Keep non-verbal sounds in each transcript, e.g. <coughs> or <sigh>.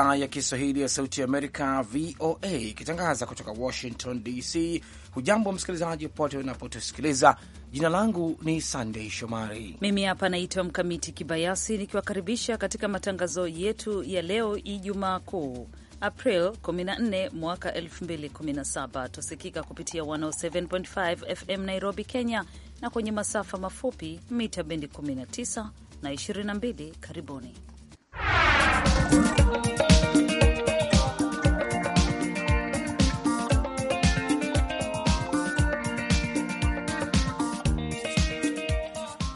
idhaa ya Kiswahili ya Sauti Amerika, VOA, ikitangaza kutoka Washington DC. Hujambo msikilizaji popote unapotusikiliza. Jina langu ni Sandei Shomari, mimi hapa naitwa Mkamiti Kibayasi, nikiwakaribisha katika matangazo yetu ya leo Ijumaa Kuu April 14 mwaka 2017. Tusikika kupitia 107.5 FM Nairobi, Kenya, na kwenye masafa mafupi mita bendi 19 na 22. Karibuni.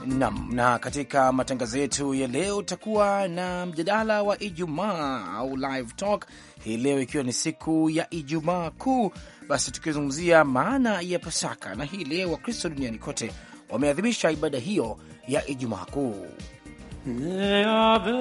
Nam, na katika matangazo yetu ya leo utakuwa na mjadala wa Ijumaa au live talk hii leo, ikiwa ni siku ya Ijumaa Kuu, basi tukizungumzia maana ya Pasaka, na hii leo Wakristo duniani kote wameadhimisha ibada hiyo ya Ijumaa Kuu. Ne abe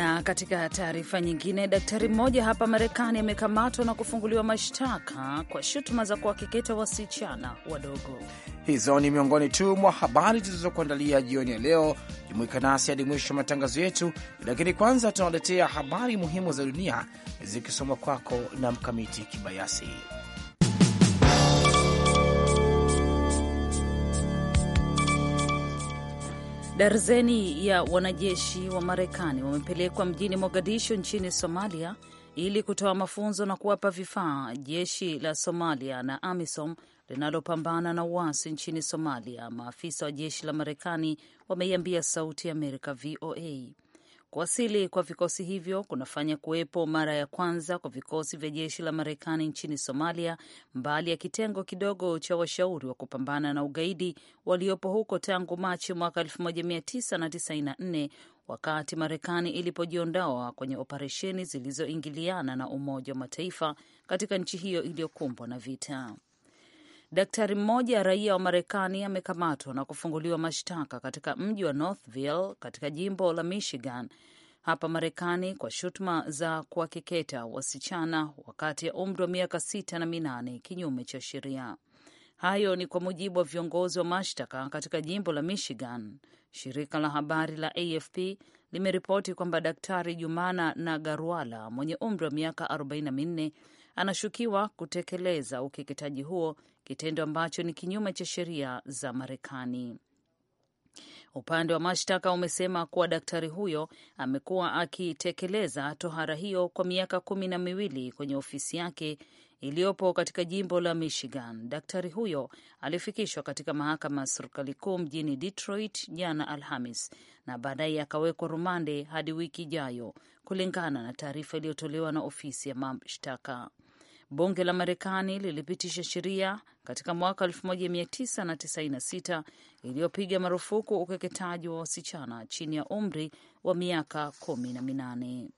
Na katika taarifa nyingine, daktari mmoja hapa Marekani amekamatwa na kufunguliwa mashtaka kwa shutuma za kuwakeketa wasichana wadogo. Hizo ni miongoni tu mwa habari tulizokuandalia jioni ya leo. Jumuika nasi hadi mwisho wa matangazo yetu, lakini kwanza tunawaletea habari muhimu za dunia zikisomwa kwako na Mkamiti Kibayasi. Darzeni ya wanajeshi wa Marekani wamepelekwa mjini Mogadishu nchini Somalia ili kutoa mafunzo na kuwapa vifaa jeshi la Somalia na AMISOM linalopambana na uasi nchini Somalia, maafisa wa jeshi la Marekani wameiambia Sauti ya Amerika VOA. Kuwasili kwa vikosi hivyo kunafanya kuwepo mara ya kwanza kwa vikosi vya jeshi la Marekani nchini Somalia, mbali ya kitengo kidogo cha washauri wa kupambana na ugaidi waliopo huko tangu Machi mwaka 1994 wakati Marekani ilipojiondoa kwenye operesheni zilizoingiliana na Umoja wa Mataifa katika nchi hiyo iliyokumbwa na vita. Daktari mmoja raia wa Marekani amekamatwa na kufunguliwa mashtaka katika mji wa Northville katika jimbo la Michigan hapa Marekani kwa shutuma za kuwakeketa wasichana wakati ya umri wa miaka sita na minane kinyume cha sheria. Hayo ni kwa mujibu wa viongozi wa mashtaka katika jimbo la Michigan. Shirika la habari la AFP limeripoti kwamba Daktari Jumana na Garwala mwenye umri wa miaka 44 anashukiwa kutekeleza ukeketaji huo kitendo ambacho ni kinyume cha sheria za Marekani. Upande wa mashtaka umesema kuwa daktari huyo amekuwa akitekeleza tohara hiyo kwa miaka kumi na miwili kwenye ofisi yake iliyopo katika jimbo la Michigan. Daktari huyo alifikishwa katika mahakama ya serikali kuu mjini Detroit jana Alhamis na baadaye akawekwa rumande hadi wiki ijayo, kulingana na taarifa iliyotolewa na ofisi ya mashtaka. Bunge la Marekani lilipitisha sheria katika mwaka 1996 iliyopiga marufuku ukeketaji wa wasichana chini ya umri wa miaka kumi na minane.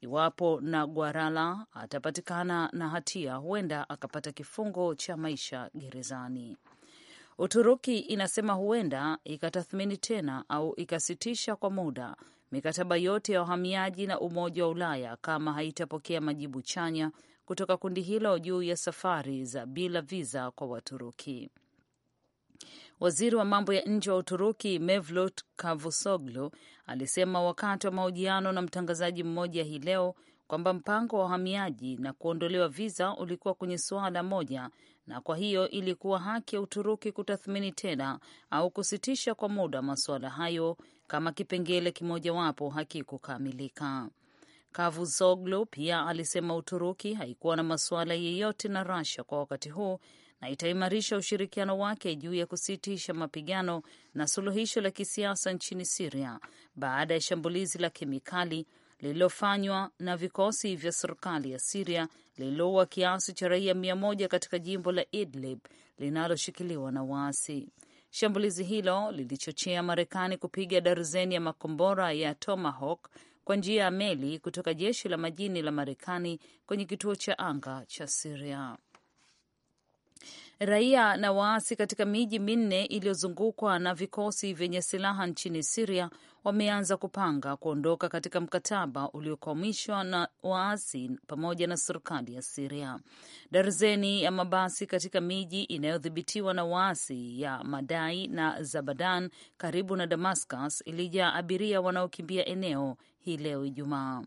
Iwapo Nagwarala atapatikana na hatia, huenda akapata kifungo cha maisha gerezani. Uturuki inasema huenda ikatathmini tena au ikasitisha kwa muda mikataba yote ya wahamiaji na Umoja wa Ulaya kama haitapokea majibu chanya kutoka kundi hilo juu ya safari za bila viza kwa Waturuki. Waziri wa mambo ya nje wa Uturuki Mevlut Cavusoglu alisema wakati wa mahojiano na mtangazaji mmoja hii leo kwamba mpango wa uhamiaji na kuondolewa viza ulikuwa kwenye suala moja, na kwa hiyo ilikuwa haki ya Uturuki kutathmini tena au kusitisha kwa muda masuala hayo kama kipengele kimojawapo hakikukamilika. Cavusoglu pia alisema Uturuki haikuwa na masuala yeyote na Russia kwa wakati huu na itaimarisha ushirikiano wake juu ya kusitisha mapigano na suluhisho la kisiasa nchini Siria baada ya shambulizi la kemikali lililofanywa na vikosi vya serikali ya Siria lililoua kiasi cha raia mia moja katika jimbo la Idlib linaloshikiliwa na waasi. Shambulizi hilo lilichochea Marekani kupiga darzeni ya makombora ya Tomahawk kwa njia ya meli kutoka jeshi la majini la Marekani kwenye kituo cha anga cha Siria. Raia na waasi katika miji minne iliyozungukwa na vikosi vyenye silaha nchini Siria wameanza kupanga kuondoka katika mkataba uliokwamishwa na waasi pamoja na serikali ya Siria. Darzeni ya mabasi katika miji inayodhibitiwa na waasi ya Madai na Zabadan karibu na Damascus ilijaa abiria wanaokimbia eneo hii leo Ijumaa.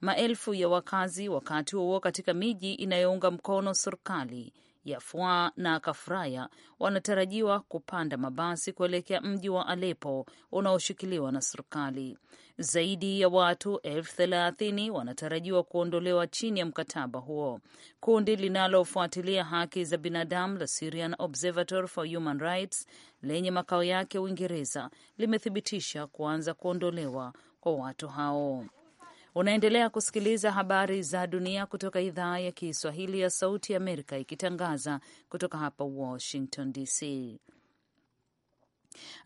Maelfu ya wakazi wakati huo katika miji inayounga mkono serikali Yafua na Kafraya wanatarajiwa kupanda mabasi kuelekea mji wa Alepo unaoshikiliwa na serikali. Zaidi ya watu elfu thelathini wanatarajiwa kuondolewa chini ya mkataba huo. Kundi linalofuatilia haki za binadamu la Syrian Observatory for Human Rights lenye makao yake Uingereza limethibitisha kuanza kuondolewa kwa watu hao. Unaendelea kusikiliza habari za dunia kutoka idhaa ya Kiswahili ya Sauti ya Amerika, ikitangaza kutoka hapa Washington DC.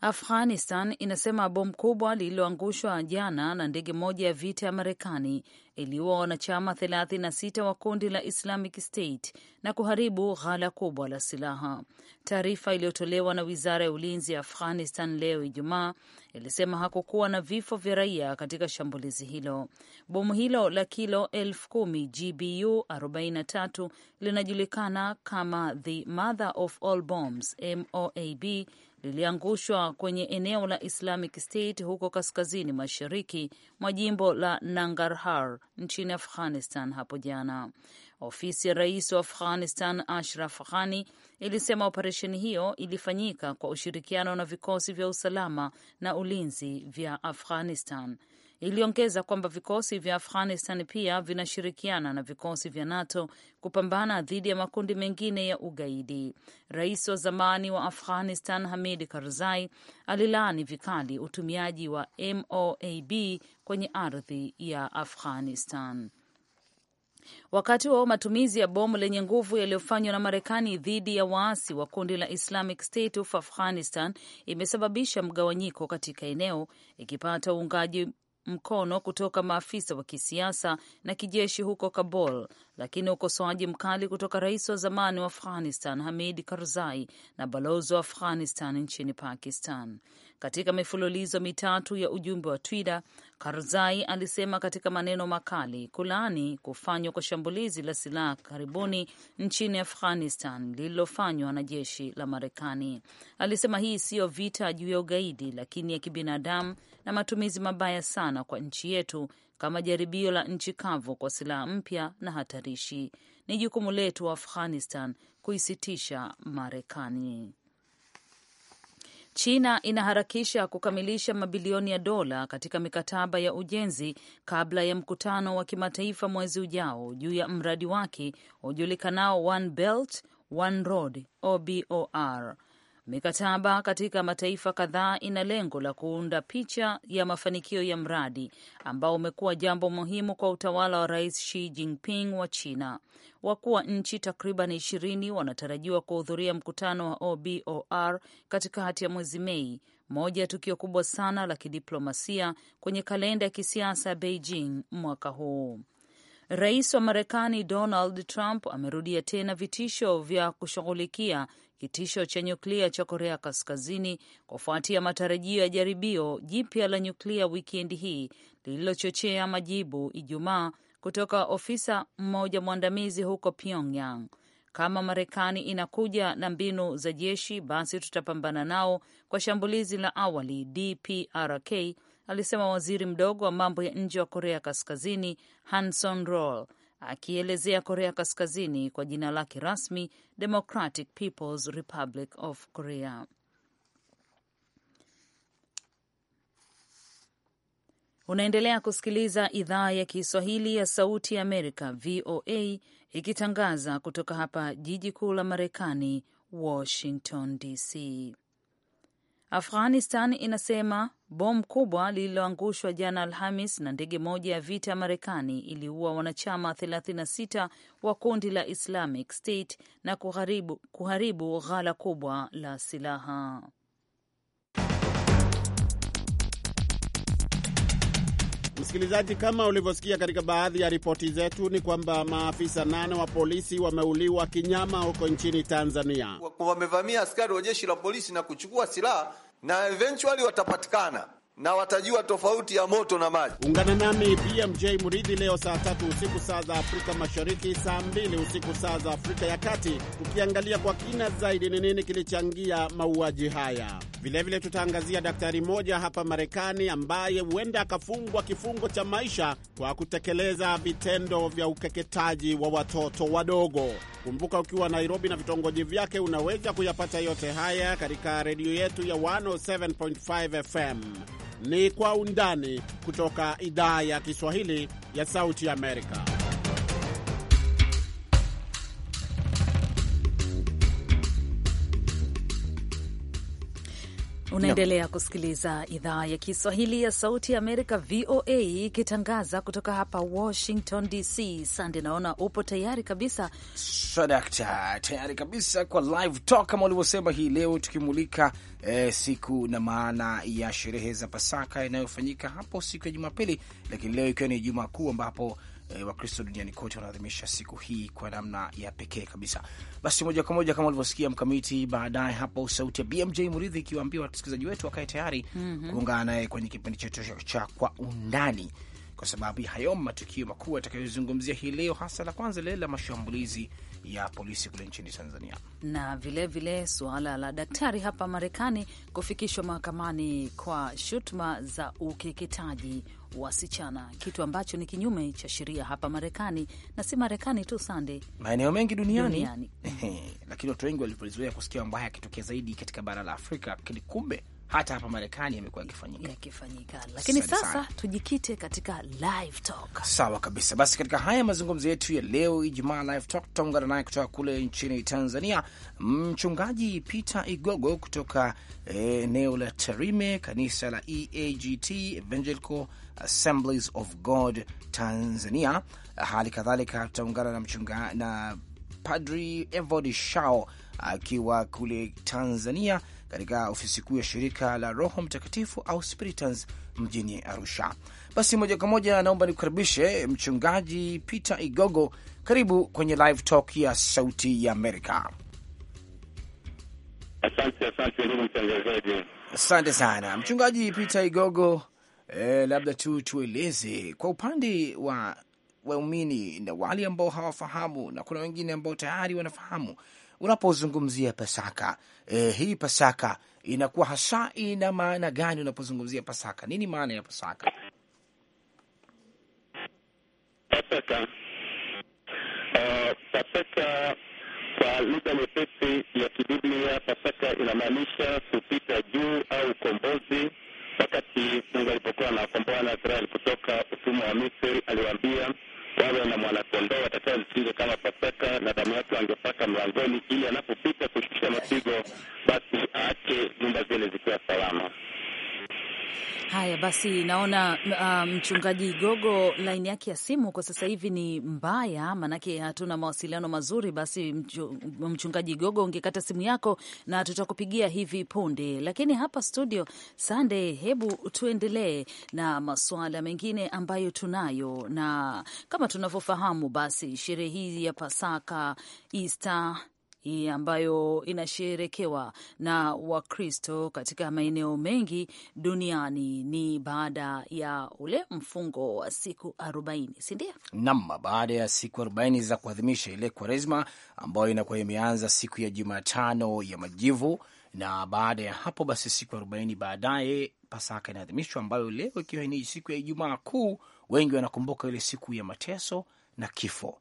Afghanistan inasema bomu kubwa lililoangushwa jana na ndege moja ya vita ya Marekani iliua wanachama 36 wa kundi la Islamic State na kuharibu ghala kubwa la silaha. Taarifa iliyotolewa na wizara ya ulinzi ya Afghanistan leo Ijumaa ilisema hakukuwa na vifo vya raia katika shambulizi hilo. Bomu hilo la kilo elfu kumi GBU 43 linajulikana kama the mother of all bombs MOAB liliangushwa kwenye eneo la Islamic State huko kaskazini mashariki mwa jimbo la Nangarhar nchini Afghanistan hapo jana. Ofisi ya rais wa Afghanistan Ashraf Ghani ilisema operesheni hiyo ilifanyika kwa ushirikiano na vikosi vya usalama na ulinzi vya Afghanistan iliongeza kwamba vikosi vya Afghanistan pia vinashirikiana na vikosi vya NATO kupambana dhidi ya makundi mengine ya ugaidi. Rais wa zamani wa Afghanistan Hamid Karzai alilaani vikali utumiaji wa MOAB kwenye ardhi ya Afghanistan. Wakati wa matumizi ya bomu lenye nguvu yaliyofanywa na Marekani dhidi ya waasi wa kundi la Islamic State of Afghanistan imesababisha mgawanyiko katika eneo ikipata uungaji mkono kutoka maafisa wa kisiasa na kijeshi huko Kabul, lakini ukosoaji mkali kutoka rais wa zamani wa Afghanistan Hamid Karzai na balozi wa Afghanistan nchini Pakistan. Katika mifululizo mitatu ya ujumbe wa Twitter, Karzai alisema katika maneno makali kulaani kufanywa kwa shambulizi la silaha karibuni nchini Afghanistan lililofanywa na jeshi la Marekani. Alisema hii siyo vita juu ya ugaidi, lakini ya kibinadamu na matumizi mabaya sana kwa nchi yetu kama jaribio la nchi kavu kwa silaha mpya na hatarishi. Ni jukumu letu wa Afghanistan kuisitisha Marekani. China inaharakisha kukamilisha mabilioni ya dola katika mikataba ya ujenzi kabla ya mkutano wa kimataifa mwezi ujao juu ya mradi wake ujulikanao One Belt One Road OBOR. Mikataba katika mataifa kadhaa ina lengo la kuunda picha ya mafanikio ya mradi ambao umekuwa jambo muhimu kwa utawala wa Rais Xi Jinping wa China. Wakuu wa nchi takriban ishirini wanatarajiwa kuhudhuria mkutano wa OBOR katikati ya mwezi Mei, moja ya tukio kubwa sana la kidiplomasia kwenye kalenda ya kisiasa ya Beijing mwaka huu. Rais wa Marekani Donald Trump amerudia tena vitisho vya kushughulikia kitisho cha nyuklia cha Korea Kaskazini kufuatia matarajio ya jaribio jipya la nyuklia wikendi hii lililochochea majibu Ijumaa kutoka ofisa mmoja mwandamizi huko Pyongyang. Kama Marekani inakuja na mbinu za jeshi, basi tutapambana nao kwa shambulizi la awali, DPRK alisema waziri mdogo wa mambo ya nje wa Korea Kaskazini Hanson Roll akielezea Korea Kaskazini kwa jina lake rasmi Democratic People's Republic of Korea. Unaendelea kusikiliza idhaa ya Kiswahili ya Sauti ya Amerika, VOA, ikitangaza kutoka hapa jiji kuu la Marekani, Washington DC. Afghanistan inasema bomu kubwa lililoangushwa jana Alhamis na ndege moja ya vita ya Marekani iliua wanachama 36 wa kundi la Islamic State na kuharibu, kuharibu ghala kubwa la silaha. Msikilizaji, kama ulivyosikia katika baadhi ya ripoti zetu, ni kwamba maafisa nane wa polisi wameuliwa kinyama huko nchini Tanzania. Wamevamia askari wa jeshi la polisi na kuchukua silaha na eventually watapatikana na watajua tofauti ya moto na maji. Ungana nami BMJ Muridhi leo saa tatu usiku saa za Afrika Mashariki, saa mbili usiku saa za Afrika ya Kati, tukiangalia kwa kina zaidi ni nini kilichangia mauaji haya. Vilevile tutaangazia daktari mmoja hapa Marekani ambaye huenda akafungwa kifungo cha maisha kwa kutekeleza vitendo vya ukeketaji wa watoto wadogo. Kumbuka, ukiwa Nairobi na vitongoji vyake, unaweza kuyapata yote haya katika redio yetu ya 107.5 FM ni Kwa Undani kutoka idhaa ya Kiswahili ya Sauti Amerika. Unaendelea kusikiliza idhaa ya Kiswahili ya Sauti ya Amerika, VOA, ikitangaza kutoka hapa Washington DC. Sande, naona upo tayari kabisa. Sadakta, tayari kabisa kwa live talk kama ulivyosema, hii leo tukimulika eh, siku na maana ya sherehe za Pasaka inayofanyika hapo siku ya Jumapili, lakini leo ikiwa ni Jumaa Kuu ambapo Eh, Wakristo duniani kote wanaadhimisha siku hii kwa namna ya pekee kabisa. Basi moja kwa moja kama ulivyosikia Mkamiti, baadaye hapo sauti ya BMJ Muridhi ikiwaambia wasikilizaji wetu wakae tayari mm -hmm. kuungana naye kwenye kipindi chetu cha Kwa Undani kwa sababu hayo matukio makuu atakayozungumzia hii leo, hasa la kwanza lile la mashambulizi ya polisi kule nchini Tanzania na vilevile suala la daktari hapa Marekani kufikishwa mahakamani kwa shutuma za ukeketaji wasichana, kitu ambacho ni kinyume cha sheria hapa Marekani, na si Marekani tu sande, maeneo mengi duniani, duniani. <laughs> Lakini watu wengi walipozoea kusikia mbaya akitokea yakitokea zaidi katika bara la Afrika, lakini kumbe hata hapa Marekani yamekuwa yakifanyika yakifanyika, lakini sasa sana, tujikite katika live talk. Sawa kabisa. Basi katika haya mazungumzo yetu ya leo Ijumaa live talk, tutaungana naye kutoka kule nchini Tanzania, mchungaji Peter Igogo kutoka eh, eneo eh, la Tarime, kanisa la EAGT Evangelical Assemblies of God Tanzania. Hali kadhalika tutaungana na mchunga na Padri Evod Shao akiwa kule Tanzania katika ofisi kuu ya shirika la Roho Mtakatifu au Spiritans mjini Arusha. Basi moja kwa moja naomba nikukaribishe mchungaji Peter Igogo, karibu kwenye live talk ya Sauti ya Amerika. Asante, asante ndugu mtangazaji. Asante sana mchungaji Peter Igogo e, labda tu tueleze kwa upande wa waumini na wale ambao hawafahamu na kuna wengine ambao tayari wanafahamu. Unapozungumzia Pasaka e, hii Pasaka inakuwa hasa ina maana gani? Unapozungumzia Pasaka, nini maana ya Pasaka? Pasaka, uh, Pasaka kwa lugha nyepesi ya Kibiblia, Pasaka inamaanisha kupita juu au ukombozi wakati Mungu alipokuwa anawakomboa na Israeli kutoka utumwa wa Misri, aliwaambia wawe na mwanakondoo watakaozichinja kama Pasaka, na damu yake wangepaka mlangoni, ili anapopita kushusha mapigo, basi aache nyumba zile zikiwa salama. Haya basi, naona uh, mchungaji Igogo laini yake ya simu kwa sasa hivi ni mbaya, maanake hatuna mawasiliano mazuri. Basi mchungaji gogo ungekata simu yako na tutakupigia hivi punde, lakini hapa studio Sande, hebu tuendelee na masuala mengine ambayo tunayo, na kama tunavyofahamu, basi sherehe hii ya Pasaka, Easter hii ambayo inasherekewa na Wakristo katika maeneo mengi duniani ni baada ya ule mfungo wa siku arobaini, si ndio? Naam, baada ya siku arobaini za kuadhimisha ile Kwaresma ambayo inakuwa imeanza siku ya Jumatano ya Majivu, na baada ya hapo basi siku arobaini baadaye Pasaka inaadhimishwa, ambayo leo ikiwa ni siku ya Ijumaa Kuu, wengi wanakumbuka ile siku ya mateso na kifo.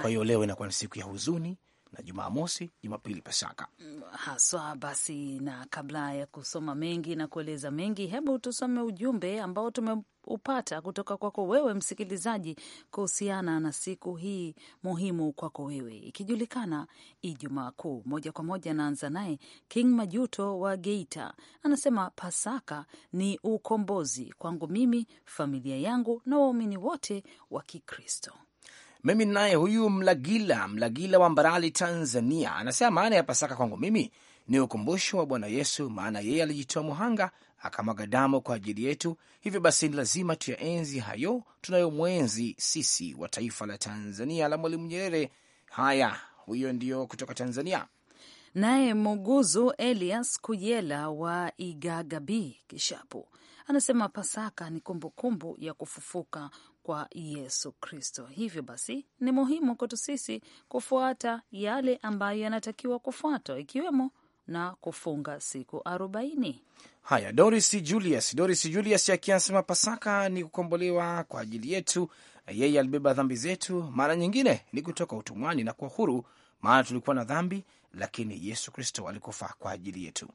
Kwa hiyo leo inakuwa ni siku ya huzuni na Jumamosi, Jumapili Pasaka haswa. Basi, na kabla ya kusoma mengi na kueleza mengi, hebu tusome ujumbe ambao tumeupata kutoka kwako wewe msikilizaji, kuhusiana na siku hii muhimu kwako wewe, ikijulikana Ijumaa Kuu. Moja kwa moja naanza naye King Majuto wa Geita, anasema Pasaka ni ukombozi kwangu mimi, familia yangu na waumini wote wa Kikristo. Mimi naye huyu Mlagila Mlagila wa Mbarali, Tanzania, anasema maana ya Pasaka kwangu mimi ni ukumbusho wa Bwana Yesu, maana yeye alijitoa muhanga akamwaga damu kwa ajili yetu. Hivyo basi ni lazima tuyaenzi hayo tunayomwenzi sisi wa taifa la Tanzania la Mwalimu Nyerere. Haya, huyo ndio kutoka Tanzania. Naye Muguzu Elias Kujela wa Igagabi Kishapu anasema Pasaka ni kumbukumbu kumbu ya kufufuka kwa Yesu Kristo. Hivyo basi ni muhimu kwetu sisi kufuata yale ambayo yanatakiwa kufuatwa ikiwemo na kufunga siku arobaini. Haya, Doris Julius, Doris Julius akiwa Pasaka ni kukombolewa kwa ajili yetu, yeye alibeba dhambi zetu, mara nyingine ni kutoka utumwani na kwa huru, maana tulikuwa na dhambi, lakini Yesu Kristo alikufa kwa ajili yetu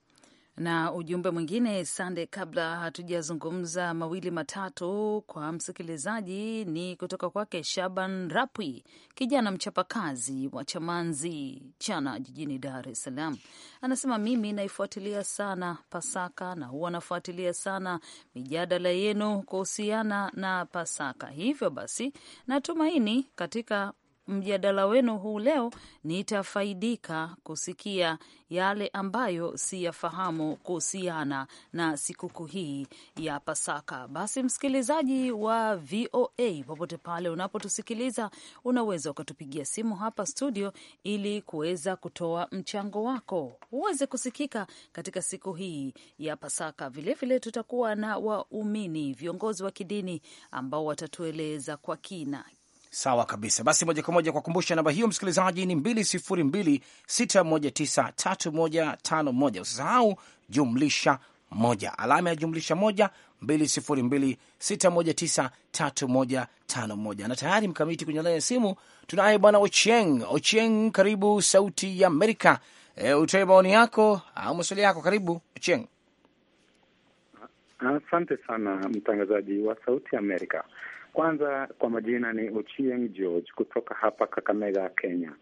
na ujumbe mwingine Sande, kabla hatujazungumza mawili matatu kwa msikilizaji, ni kutoka kwake Shaban Rapwi, kijana mchapakazi wa Chamanzi Chana jijini Dar es Salaam. Anasema mimi naifuatilia sana Pasaka na huwa nafuatilia sana mijadala yenu kuhusiana na Pasaka. Hivyo basi, natumaini katika mjadala wenu huu leo, nitafaidika kusikia yale ambayo siyafahamu kuhusiana na sikukuu hii ya Pasaka. Basi msikilizaji wa VOA, popote pale unapotusikiliza, unaweza ukatupigia simu hapa studio ili kuweza kutoa mchango wako uweze kusikika katika siku hii ya Pasaka. Vilevile vile tutakuwa na waumini, viongozi wa kidini ambao watatueleza kwa kina Sawa kabisa. Basi moja kwa moja kuwakumbusha namba hiyo msikilizaji ni moja. Usisahau jumlisha moja, alama ya jumlisha moja moja. Na tayari mkamiti kwenye laini ya simu tunaye bwana Ochieng. Ochieng, karibu Sauti ya Amerika. E, utoe maoni yako au maswali yako. Karibu Ochieng. Asante sana mtangazaji wa Sauti Amerika. Kwanza kwa majina ni Ochieng George kutoka hapa Kakamega, Kenya.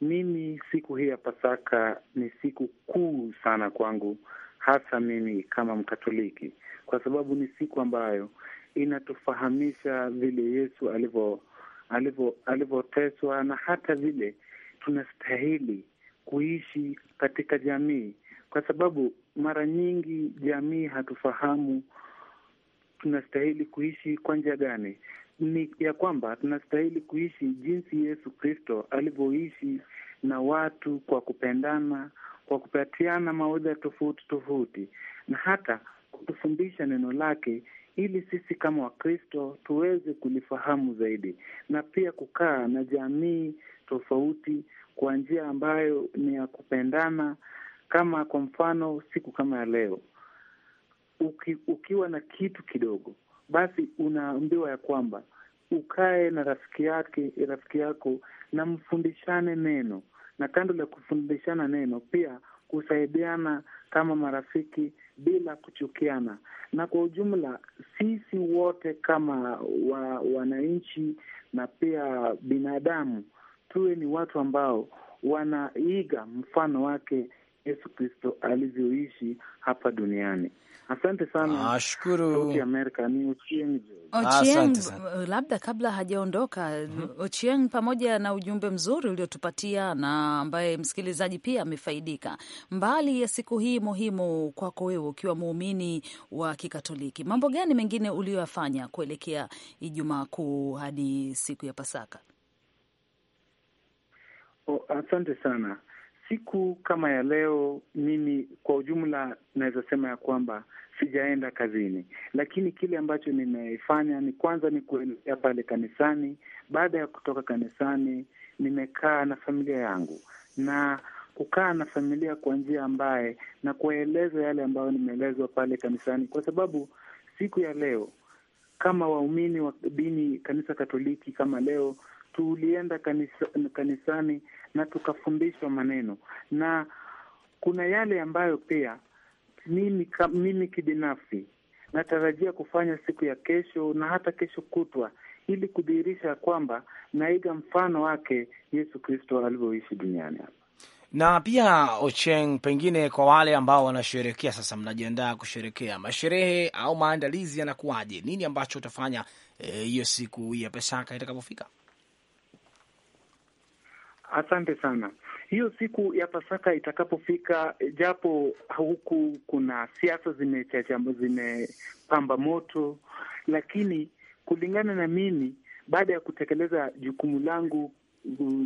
Mimi siku hii ya Pasaka ni siku kuu sana kwangu, hasa mimi kama Mkatoliki, kwa sababu ni siku ambayo inatufahamisha vile Yesu alivyo alivyo alivyoteswa na hata vile tunastahili kuishi katika jamii, kwa sababu mara nyingi jamii hatufahamu tunastahili kuishi kwa njia gani. Ni ya kwamba tunastahili kuishi jinsi Yesu Kristo alivyoishi na watu kwa kupendana, kwa kupatiana mawaidha tofauti tofauti, na hata kutufundisha neno lake ili sisi kama Wakristo tuweze kulifahamu zaidi, na pia kukaa na jamii tofauti kwa njia ambayo ni ya kupendana kama kwa mfano siku kama ya leo uki, ukiwa na kitu kidogo, basi unaambiwa ya kwamba ukae na rafiki yake rafiki yako na mfundishane neno, na kando la kufundishana neno pia kusaidiana kama marafiki bila kuchukiana. Na kwa ujumla, sisi wote kama wa, wananchi na pia binadamu tuwe ni watu ambao wanaiga mfano wake Yesu Kristo alivyoishi hapa duniani. Asante sana, shukuru Amerika. Ni Ochieng, Ochieng, labda kabla hajaondoka mm -hmm. Ochieng pamoja na ujumbe mzuri uliotupatia na ambaye msikilizaji pia amefaidika, mbali ya siku hii muhimu kwako wewe ukiwa muumini wa Kikatoliki, mambo gani mengine uliyoyafanya kuelekea Ijumaa Kuu hadi siku ya Pasaka? Oh, asante sana siku kama ya leo, mimi kwa ujumla naweza sema ya kwamba sijaenda kazini, lakini kile ambacho nimefanya ni kwanza ni kuelekea pale kanisani. Baada ya kutoka kanisani, nimekaa na familia yangu na kukaa na familia kwa njia ambaye na kuwaeleza yale ambayo nimeelezwa pale kanisani, kwa sababu siku ya leo kama waumini wa dini kanisa Katoliki, kama leo tulienda kanisa, kanisani na tukafundishwa maneno, na kuna yale ambayo pia mimi, mimi kibinafsi natarajia kufanya siku ya kesho na hata kesho kutwa ili kudhihirisha kwamba naiga mfano wake Yesu Kristo alivyoishi duniani hapa. Na pia Ocheng, pengine kwa wale ambao wanasherekea sasa, mnajiandaa kusherekea masherehe au maandalizi yanakuwaje? Nini ambacho utafanya eh, hiyo e, siku ya Pasaka itakapofika? Asante sana. Hiyo siku ya Pasaka itakapofika, japo huku kuna siasa zimechacha, zimepamba moto, lakini kulingana na mimi, baada ya kutekeleza jukumu langu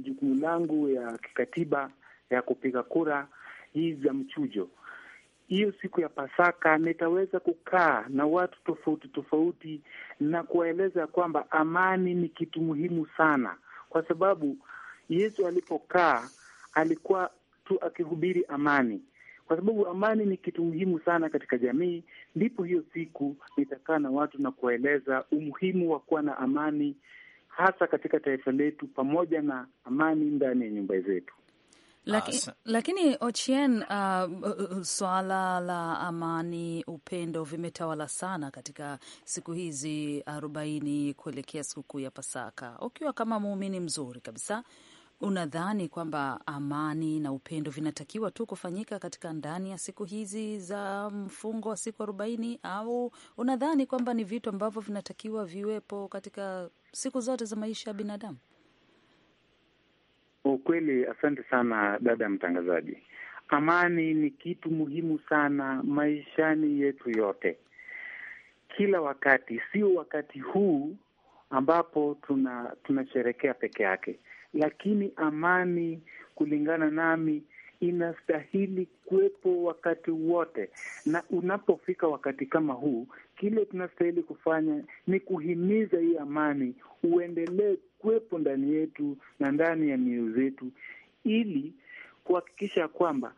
jukumu langu ya kikatiba ya kupiga kura hii za mchujo, hiyo siku ya Pasaka nitaweza kukaa na watu tofauti tofauti na kuwaeleza kwamba amani ni kitu muhimu sana, kwa sababu Yesu alipokaa alikuwa tu akihubiri amani, kwa sababu amani ni kitu muhimu sana katika jamii. Ndipo hiyo siku nitakaa na watu na kuwaeleza umuhimu wa kuwa na amani, hasa katika taifa letu, pamoja na amani ndani ya nyumba zetu. Laki, lakini Ochien, uh, uh, swala la amani, upendo vimetawala sana katika siku hizi arobaini kuelekea sikukuu ya Pasaka. Ukiwa kama muumini mzuri kabisa unadhani kwamba amani na upendo vinatakiwa tu kufanyika katika ndani ya siku hizi za mfungo wa siku arobaini au unadhani kwamba ni vitu ambavyo vinatakiwa viwepo katika siku zote za maisha ya binadamu? Ukweli, asante sana dada mtangazaji. Amani ni kitu muhimu sana maishani yetu yote, kila wakati, sio wakati huu ambapo tuna tunasherekea peke yake lakini amani, kulingana nami, inastahili kuwepo wakati wote, na unapofika wakati kama huu, kile tunastahili kufanya ni kuhimiza hii amani uendelee kuwepo ndani yetu na ndani ya mioyo zetu, ili kuhakikisha kwamba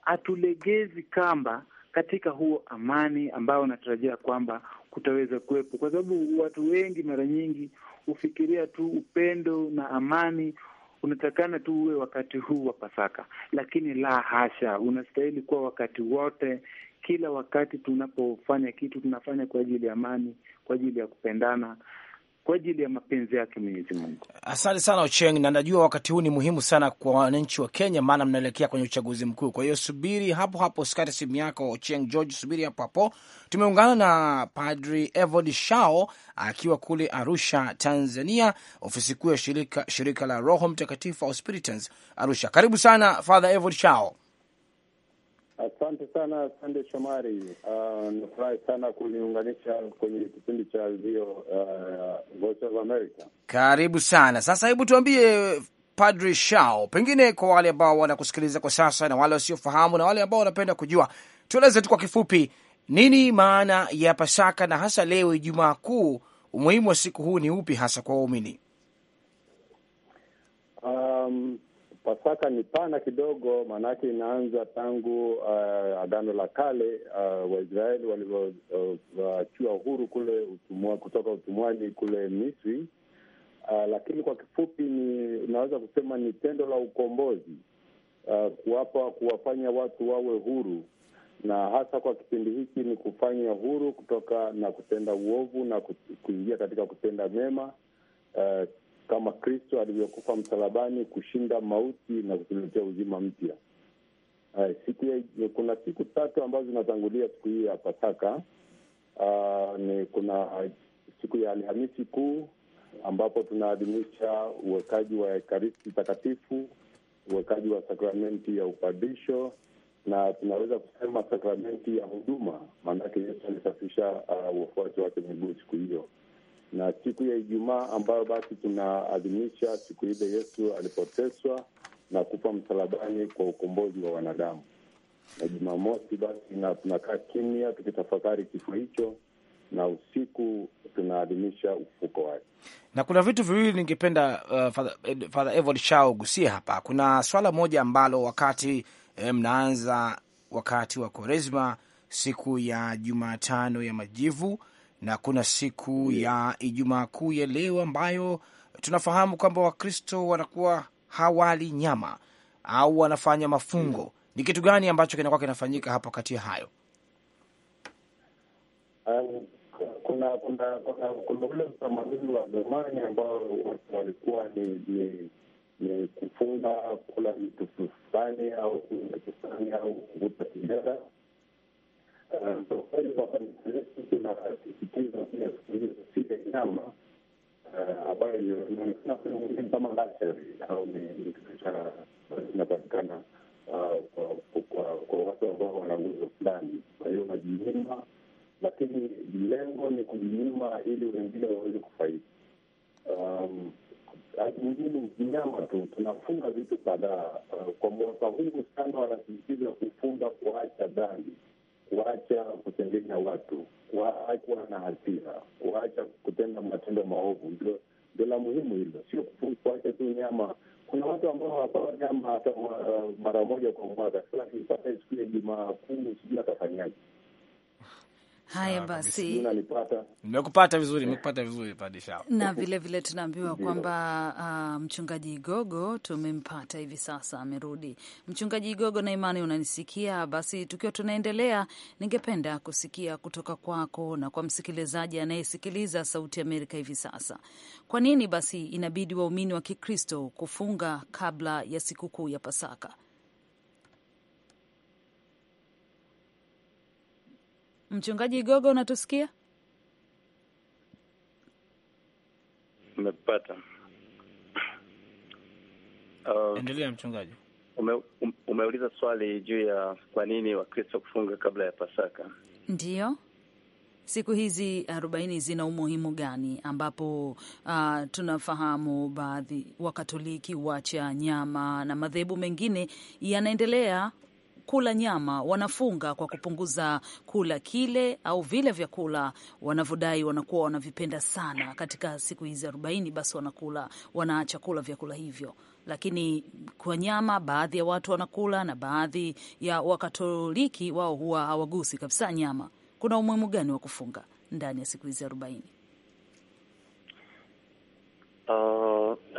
hatulegezi kamba katika huo amani ambao unatarajia kwamba kutaweza kuwepo, kwa sababu watu wengi mara nyingi kufikiria tu upendo na amani unatakana tu uwe wakati huu wa Pasaka, lakini la hasha, unastahili kuwa wakati wote, kila wakati tunapofanya kitu tunafanya kwa ajili ya amani, kwa ajili ya kupendana kwa ajili ya mapenzi yake Mwenyezi Mungu. Asante sana Ocheng, na najua wakati huu ni muhimu sana kwa wananchi wa Kenya, maana mnaelekea kwenye uchaguzi mkuu. Kwa hiyo subiri hapo hapo, usikate simu yako Ocheng George, subiri hapo hapo. Tumeungana na Padri Evod Shao akiwa kule Arusha, Tanzania, ofisi kuu ya shirika, shirika la Roho Mtakatifu au Spiritans Arusha. Karibu sana Father Evod Shao. Asante sana Sande Shomari. Uh, ah, nafurahi sana kuniunganisha kwenye kipindi cha vio uh, ah, Voice of America. Karibu sana. Sasa hebu tuambie Padri Shao, pengine kwa wale ambao wanakusikiliza kwa sasa na wale wasiofahamu na wale ambao wanapenda kujua, tueleze tu kwa kifupi nini maana ya Pasaka na hasa leo Ijumaa Kuu, umuhimu wa siku huu ni upi hasa kwa waumini? um, Pasaka ni pana kidogo, maanake inaanza tangu uh, Agano la Kale uh, Waisraeli walivyoachiwa uh, huru kule utumwa, kutoka utumwani kule Misri uh, lakini kwa kifupi ni unaweza kusema ni tendo la ukombozi uh, kuwapa kuwafanya watu wawe huru, na hasa kwa kipindi hiki ni kufanya huru kutoka na kutenda uovu na kuingia katika kutenda mema uh, kama Kristo alivyokufa msalabani kushinda mauti na kutuletea uzima mpya. Siku ya kuna siku tatu ambazo zinatangulia siku hii ya Pasaka. Ah, ni kuna siku ya Alhamisi Kuu ambapo tunaadhimisha uwekaji wa Ekaristi Takatifu, uwekaji wa sakramenti ya upadisho na tunaweza kusema sakramenti ya huduma, maanake Yesu alisafisha uh, wafuasi wake miguu siku hiyo na siku ya Ijumaa ambayo basi tunaadhimisha siku ile Yesu alipoteswa na kufa msalabani kwa ukombozi wa wanadamu, na Jumamosi basi na tunakaa kimya tukitafakari kifo hicho, na usiku tunaadhimisha ufuko wake. Na kuna vitu viwili ningependa uh, Father eh, Evod Shao gusia hapa. Kuna swala moja ambalo wakati eh, mnaanza wakati wa Kwaresma siku ya Jumatano ya Majivu na kuna siku ya Ijumaa Kuu ya leo ambayo tunafahamu kwamba Wakristo wanakuwa hawali nyama au wanafanya mafungo. Mm. Ni kitu gani ambacho kinakuwa kinafanyika hapo kati ya hayo? Uh, kuna kuna kuna ule utamaduni wa zamani ambao walikuwa ni, ni, ni kufunga kula vitu fulani au kunywa kitu fulani au kuvuta sigara kwa kweli wafanyasayansi nyama ambayo inaonekana kuna au ni kitu kwa watu ambao wana fulani, kwa hiyo lakini lengo ni kujinyima ili wengine waweze kufaidi. Nyingine tu, tunafunga vitu kadhaa kwa mwaka huu sana, wanasisitiza kufunga, kuacha dhambi kuacha kutengenya watu, kuwa na hasira, kuacha kutenda matendo maovu, ndio la muhimu hilo, sio kuacha tu nyama. Kuna watu ambao hawapaa nyama hata mara moja kwa mwaka. Sasa akipata siku ya Jumaa Kuu, sijui atafanyaje. Haya basi, nimekupata vizuri, nimekupata vizuri Padisha. Na vile vile tunaambiwa kwamba uh, mchungaji Igogo tumempata hivi sasa, amerudi mchungaji Igogo na Imani, unanisikia? Basi tukiwa tunaendelea, ningependa kusikia kutoka kwako na kwa msikilizaji anayesikiliza Sauti Amerika hivi sasa, kwa nini basi inabidi waumini wa Kikristo kufunga kabla ya sikukuu ya Pasaka? Mchungaji Gogo, unatusikia? Umepata? Uh, <coughs> oh. endelea mchungaji. Ume, um, umeuliza swali juu ya kwa nini Wakristo kufunga kabla ya Pasaka. Ndiyo, siku hizi arobaini zina umuhimu gani, ambapo uh, tunafahamu baadhi Wakatoliki wacha nyama na madhehebu mengine yanaendelea kula nyama wanafunga kwa kupunguza kula kile au vile vyakula wanavyodai wanakuwa wanavipenda sana katika siku hizi arobaini, basi wanakula wanaacha kula vyakula hivyo lakini kwa nyama baadhi ya watu wanakula na baadhi ya Wakatoliki wao huwa hawagusi kabisa nyama. Kuna umuhimu gani wa kufunga ndani ya siku hizi arobaini? Uh,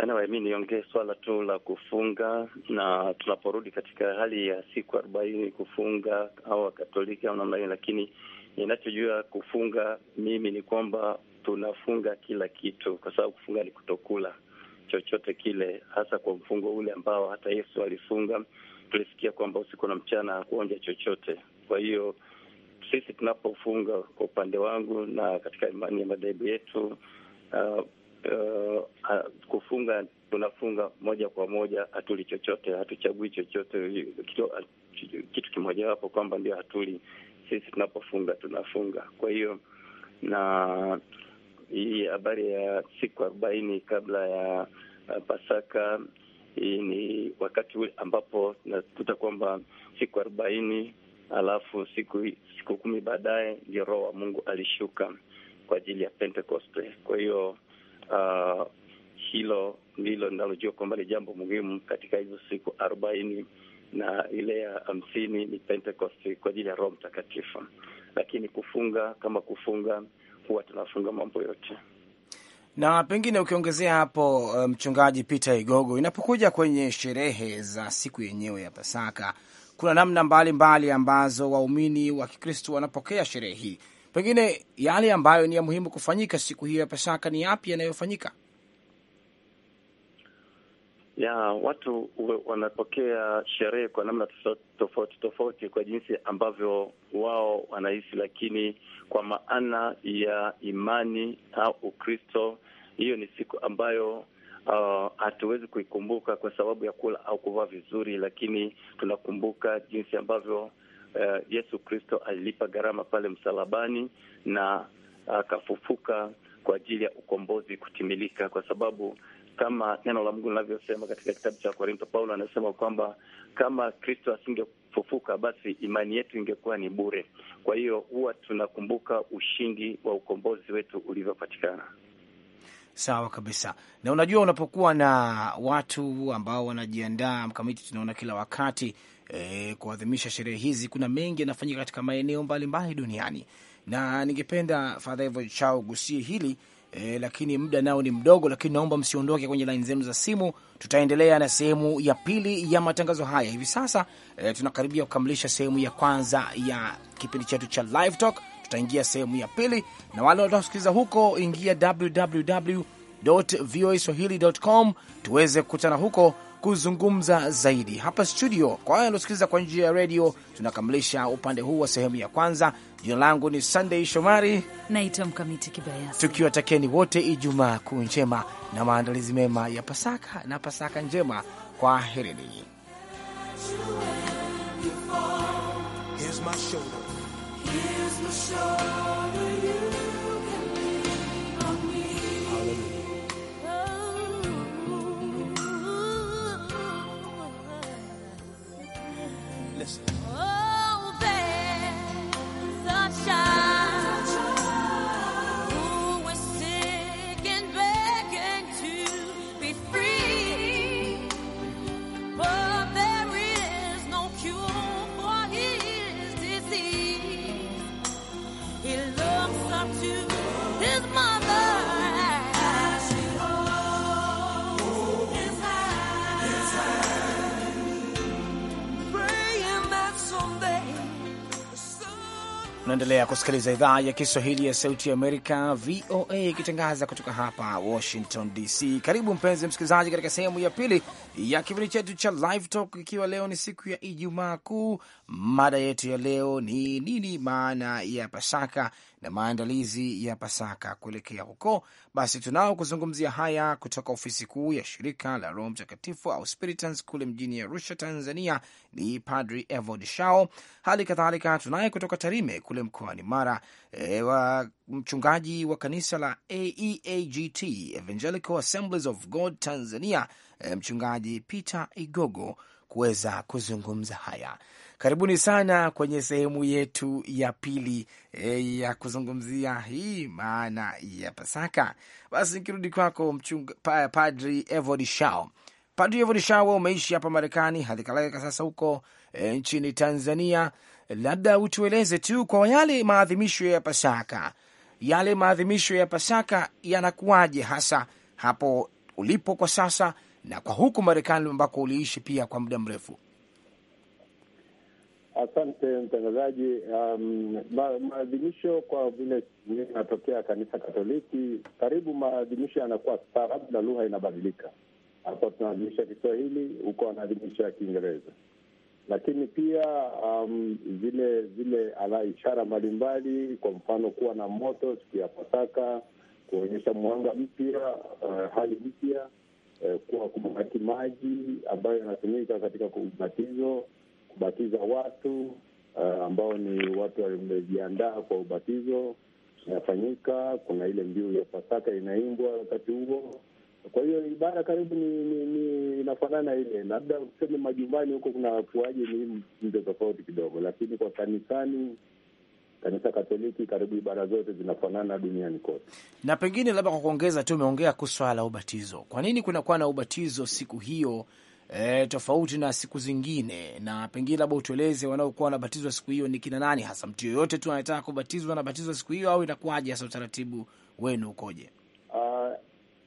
anyway, mi niongee swala tu la kufunga, na tunaporudi katika hali ya siku arobaini kufunga au Wakatoliki au namna hiyo, lakini ninachojua kufunga mimi ni kwamba tunafunga kila kitu, kwa sababu kufunga ni kutokula chochote kile, hasa kwa mfungo ule ambao hata Yesu alifunga. Tulisikia kwamba usiku na mchana hakuonja chochote. Kwa hiyo sisi tunapofunga, kwa upande wangu na katika imani ya madhehebu yetu, uh, Uh, uh, kufunga tunafunga moja kwa moja, hatuli chochote, hatuchagui chochote, kitu, kitu kimojawapo kwamba ndio hatuli sisi. Tunapofunga tunafunga. Kwa hiyo na hii habari ya siku arobaini kabla ya uh, Pasaka, hii ni wakati ule ambapo tunakuta kwamba siku arobaini alafu siku siku kumi baadaye ndio Roho wa Mungu alishuka kwa ajili ya Pentekoste. Kwa hiyo Uh, hilo ndilo linalojua kwamba ni jambo muhimu katika hizo siku arobaini na ile ya hamsini ni Pentecost kwa ajili ya Roho Mtakatifu, lakini kufunga kama kufunga huwa tunafunga mambo yote na pengine ukiongezea hapo uh, mchungaji um, Peter Igogo, inapokuja kwenye sherehe za siku yenyewe ya Pasaka, kuna namna mbalimbali mbali ambazo waumini wa Kikristo wanapokea sherehe hii. Pengine yale ambayo ni ya muhimu kufanyika siku hiyo ya Pasaka ni yapi yanayofanyika? Ya, watu wanapokea sherehe kwa namna tofauti tofauti kwa jinsi ambavyo wao wanahisi, lakini kwa maana ya imani au Ukristo, hiyo ni siku ambayo uh, hatuwezi uh, kuikumbuka kwa sababu ya kula au kuvaa vizuri, lakini tunakumbuka jinsi ambavyo uh, Yesu Kristo alilipa gharama pale msalabani na akafufuka kwa ajili ya ukombozi kutimilika, kwa sababu kama neno la Mungu linavyosema katika kitabu cha Korinto, Paulo anasema kwamba kama Kristo asingefufuka, basi imani yetu ingekuwa ni bure. Kwa hiyo huwa tunakumbuka ushindi wa ukombozi wetu ulivyopatikana. Sawa kabisa. Na unajua, unapokuwa na watu ambao wanajiandaa mkamiti, tunaona kila wakati e, kuadhimisha sherehe hizi. Kuna mengi yanafanyika katika maeneo mbalimbali duniani, na ningependa Fadha Chao gusie hili e, lakini muda nao ni mdogo, lakini naomba msiondoke kwenye laini zenu za simu. Tutaendelea na sehemu ya pili ya matangazo haya hivi sasa. E, tunakaribia kukamilisha sehemu ya kwanza ya kipindi chetu cha Live Talk. Tutaingia sehemu ya pili, na wale wanaosikiliza huko, ingia www voaswahili.com tuweze kukutana huko kuzungumza zaidi hapa studio. Kwa wale anaosikiliza kwa njia ya redio, tunakamilisha upande huu wa sehemu ya kwanza. Jina langu ni Sunday Shomari, naitwa Mkamiti Kibayasi, tukiwatakieni wote Ijumaa kuu njema na maandalizi mema ya Pasaka na Pasaka njema. Kwa herini. Here's my shoulder. Here's my shoulder. Oh. Unaendelea kusikiliza idhaa ya Kiswahili ya Sauti ya Amerika, VOA, ikitangaza kutoka hapa Washington DC. Karibu mpenzi msikilizaji, katika sehemu ya pili ya kipindi chetu cha Live Talk, ikiwa leo ni siku ya Ijumaa Kuu. Mada yetu ya leo ni nini maana ya Pasaka na maandalizi ya Pasaka kuelekea huko. Basi tunao kuzungumzia haya kutoka ofisi kuu ya shirika la Roho Mtakatifu au Spiritans kule mjini Arusha, Tanzania, ni Padri Evod Shao. Hali kadhalika tunaye kutoka Tarime kule mkoani Mara, e, mchungaji wa kanisa la AEAGT, Evangelical Assemblies of God Tanzania, eh, mchungaji Peter Igogo kuweza kuzungumza haya. Karibuni sana kwenye sehemu yetu ya pili e, ya kuzungumzia hii maana ya Pasaka. Basi nikirudi kwako pa, Padri Evod Shao. Padri Evod Shao, we umeishi hapa Marekani, halikalaika sasa huko e, nchini Tanzania, labda utueleze tu kwa yale maadhimisho ya Pasaka, yale maadhimisho ya Pasaka yanakuwaje hasa hapo ulipo kwa sasa na kwa huku Marekani ambako uliishi pia kwa muda mrefu? Asante mtangazaji. Um, ma, maadhimisho kwa vile inatokea kanisa Katoliki, karibu maadhimisho yanakuwa staarabu na lugha inabadilika. hapo tunaadhimisha Kiswahili, huko wanaadhimisha Kiingereza lakini pia um, zile zile ala ishara mbalimbali, kwa mfano kuwa na moto siku ya Pasaka, kuonyesha mwanga mpya, uh, hali mpya uh, kuwa kubaki maji ambayo yanatumika katika ubatizo, kubatiza watu uh, ambao ni watu wamejiandaa kwa ubatizo inafanyika. Kuna ile mbiu ya Pasaka inaimbwa wakati huo kwa hiyo ibara karibu ni, ni, ni inafanana ile, labda useme majumbani huko kuna wafuaji ni mtindo tofauti kidogo, lakini kwa kanisani kanisa Katoliki karibu ibara zote zinafanana duniani kote. Na pengine labda kwa kuongeza tu, umeongea kuhusu swala la ubatizo. Kwa nini kunakuwa na ubatizo siku hiyo e, tofauti na siku zingine? Na pengine labda utueleze wanaokuwa wanabatizwa siku hiyo ni kina nani hasa? Mtu yoyote tu anayetaka kubatizwa anabatizwa siku hiyo, au inakuwaje hasa utaratibu wenu ukoje?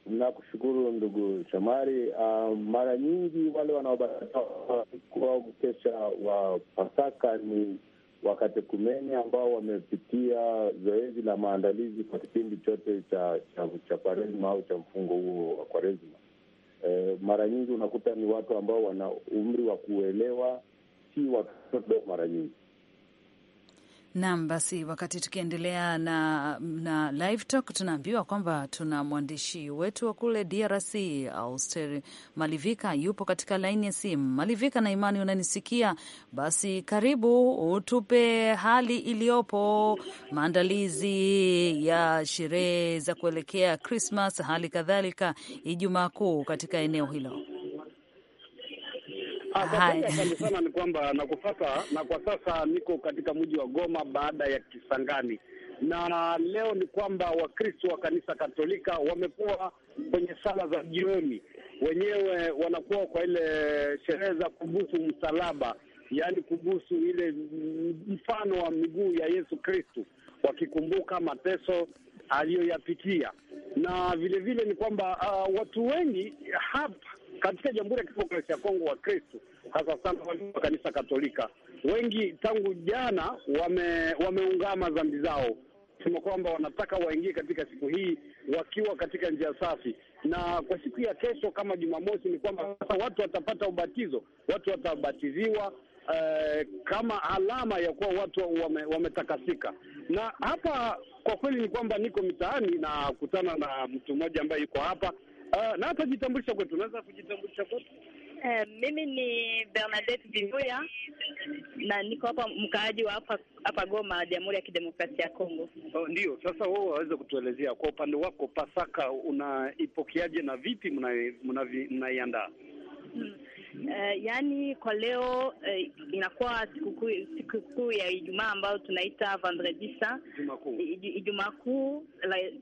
Nakushukuru ndugu Shamari. Uh, mara nyingi wale wanaobarikiwa mkesha wa Pasaka ni wakatekumeni ambao wamepitia zoezi la maandalizi kwa kipindi chote cha cha, cha Kwaresma au cha mfungo huo wa Kwaresma. E, mara nyingi unakuta ni watu ambao wana umri wa kuelewa, si watoto mara nyingi Naam, basi wakati tukiendelea na, na live talk tunaambiwa kwamba tuna mwandishi wetu wa kule DRC Auster Malivika yupo katika laini ya simu. Malivika na Imani, unanisikia? Basi karibu, utupe hali iliyopo, maandalizi ya sherehe za kuelekea crismas hali kadhalika Ijumaa Kuu katika eneo hilo. Ah, asante sana, ni kwamba nakufata, na kwa sasa niko katika mji wa Goma baada ya Kisangani, na leo ni kwamba Wakristo wa kanisa Katolika wamekuwa kwenye sala za jioni, wenyewe wanakuwa kwa ile sherehe za kubusu msalaba, yaani kubusu ile mfano wa miguu ya Yesu Kristu, wakikumbuka mateso aliyoyapitia, na vilevile vile ni kwamba uh, watu wengi hapa katika Jamhuri ya Kidemokrasia ya Kongo wa Kristo, hasa sana wa kanisa Katolika wengi tangu jana wame, wameungama dhambi zao sema kwamba wanataka waingie katika siku hii wakiwa katika njia safi, na kwa siku ya kesho kama Jumamosi ni kwamba sasa watu watapata ubatizo, watu watabatiziwa uh, kama alama ya kuwa watu wame, wametakasika. Na hapa kwa kweli ni kwamba niko mitaani na kutana na mtu mmoja ambaye yuko hapa Ah, na hata jitambulisha kwetu, unaweza kujitambulisha kwetu? Uh, mimi ni Bernadette Bivuya na niko hapa mkaaji wa hapa hapa Goma, Jamhuri ya Kidemokrasia ya Kongo. Oh, ndio. Sasa wewe waweze kutuelezea kwa upande wako Pasaka unaipokeaje na vipi mnaiandaa? mna, mm. mna, mna, mna, mna, mna, mna, mna, mna, mna, Uh, yani kwa leo uh, inakuwa sikukuu sikukuu ya Ijumaa ambayo tunaita vendredi sa Ijumaa kuu,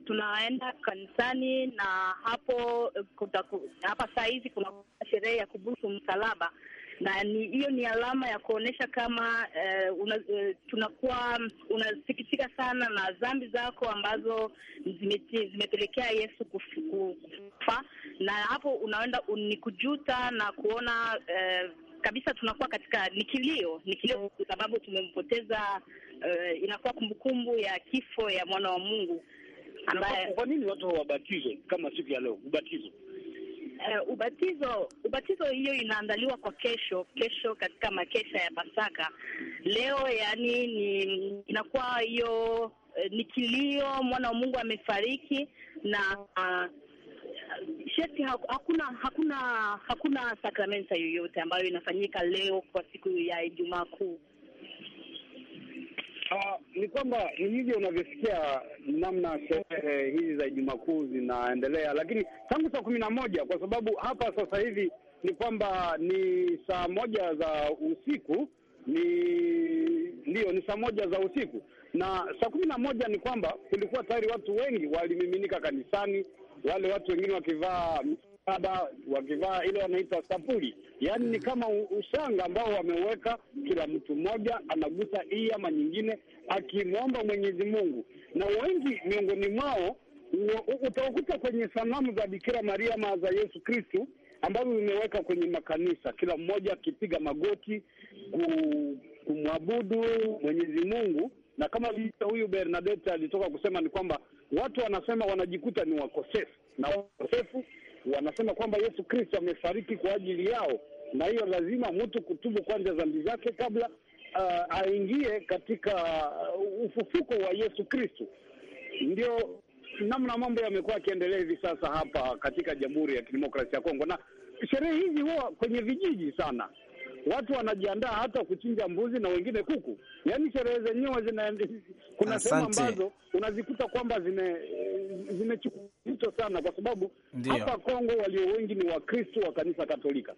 tunaenda kanisani na hapo eh, kutaku, hapa saa hizi kuna sherehe ya kubusu msalaba na hiyo ni, ni alama ya kuonyesha kama eh, una, eh, tunakuwa mm, unasikitika sana na dhambi zako ambazo zimepelekea Yesu kufa, na hapo unaenda ni kujuta na kuona eh, kabisa tunakuwa katika ni kilio ni kilio kwa sababu tumempoteza. Uh, inakuwa kumbukumbu ya kifo ya mwana wa Mungu ambaye. Kwa nini watu wabatizwe kama siku ya leo ubatizo Uh, ubatizo ubatizo hiyo inaandaliwa kwa kesho kesho, katika makesha ya Pasaka leo. Yani ni inakuwa hiyo, uh, ni kilio, mwana wa Mungu amefariki na uh, sheti hakuna hakuna hakuna sakramenta yoyote ambayo inafanyika leo kwa siku ya Ijumaa Kuu. Uh, ni kwamba ni hivyo unavyosikia namna sherehe hizi za Ijumaa Kuu zinaendelea, lakini tangu saa kumi na moja kwa sababu hapa sasa hivi ni kwamba ni saa moja za usiku ni ndiyo, ni saa moja za usiku na saa kumi na moja ni kwamba kulikuwa tayari watu wengi walimiminika kanisani, wale watu wengine wakivaa msaada, wakivaa ile wanaita sapuli yaani ni kama ushanga ambao wameweka, kila mtu mmoja anagusa hii ama nyingine, akimwomba Mwenyezi Mungu, na wengi miongoni mwao utakuta kwenye sanamu za Bikira Maria ama za Yesu Kristu ambazo zimeweka kwenye makanisa, kila mmoja akipiga magoti kumwabudu Mwenyezi Mungu. Na kama vile huyu Bernadette alitoka kusema, ni kwamba watu wanasema wanajikuta ni wakosefu, na wakosefu wanasema kwamba Yesu Kristo amefariki kwa ajili yao, na hiyo lazima mtu kutubu kwanza dhambi zake kabla uh, aingie katika uh, ufufuko wa Yesu Kristo. Ndio namna mambo yamekuwa yakiendelea hivi sasa hapa katika Jamhuri ya Kidemokrasia ya Kongo, na sherehe hizi huwa kwenye vijiji sana, watu wanajiandaa hata kuchinja mbuzi na wengine kuku, yaani sherehe zenyewe zina kuna sehemu ambazo unazikuta kwamba zime zimechukua sana, kwa sababu Ndiyo. hapa Kongo walio wengi ni Wakristo wa kanisa Katolika.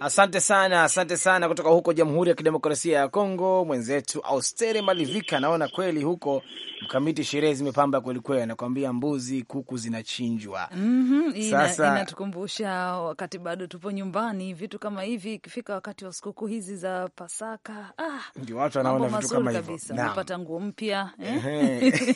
Asante sana, asante sana kutoka huko Jamhuri ya Kidemokrasia ya Kongo, mwenzetu Austere Malivika. Naona kweli huko mkamiti sherehe zimepamba kwelikweli, anakuambia mbuzi, kuku zinachinjwa. mm -hmm. Sasa inatukumbusha wakati bado tupo nyumbani, vitu kama hivi ikifika wakati wa sikukuu hizi za Pasaka, ah, ndio watu wanaona vitu kama hivyo, napata nguo mpya eh?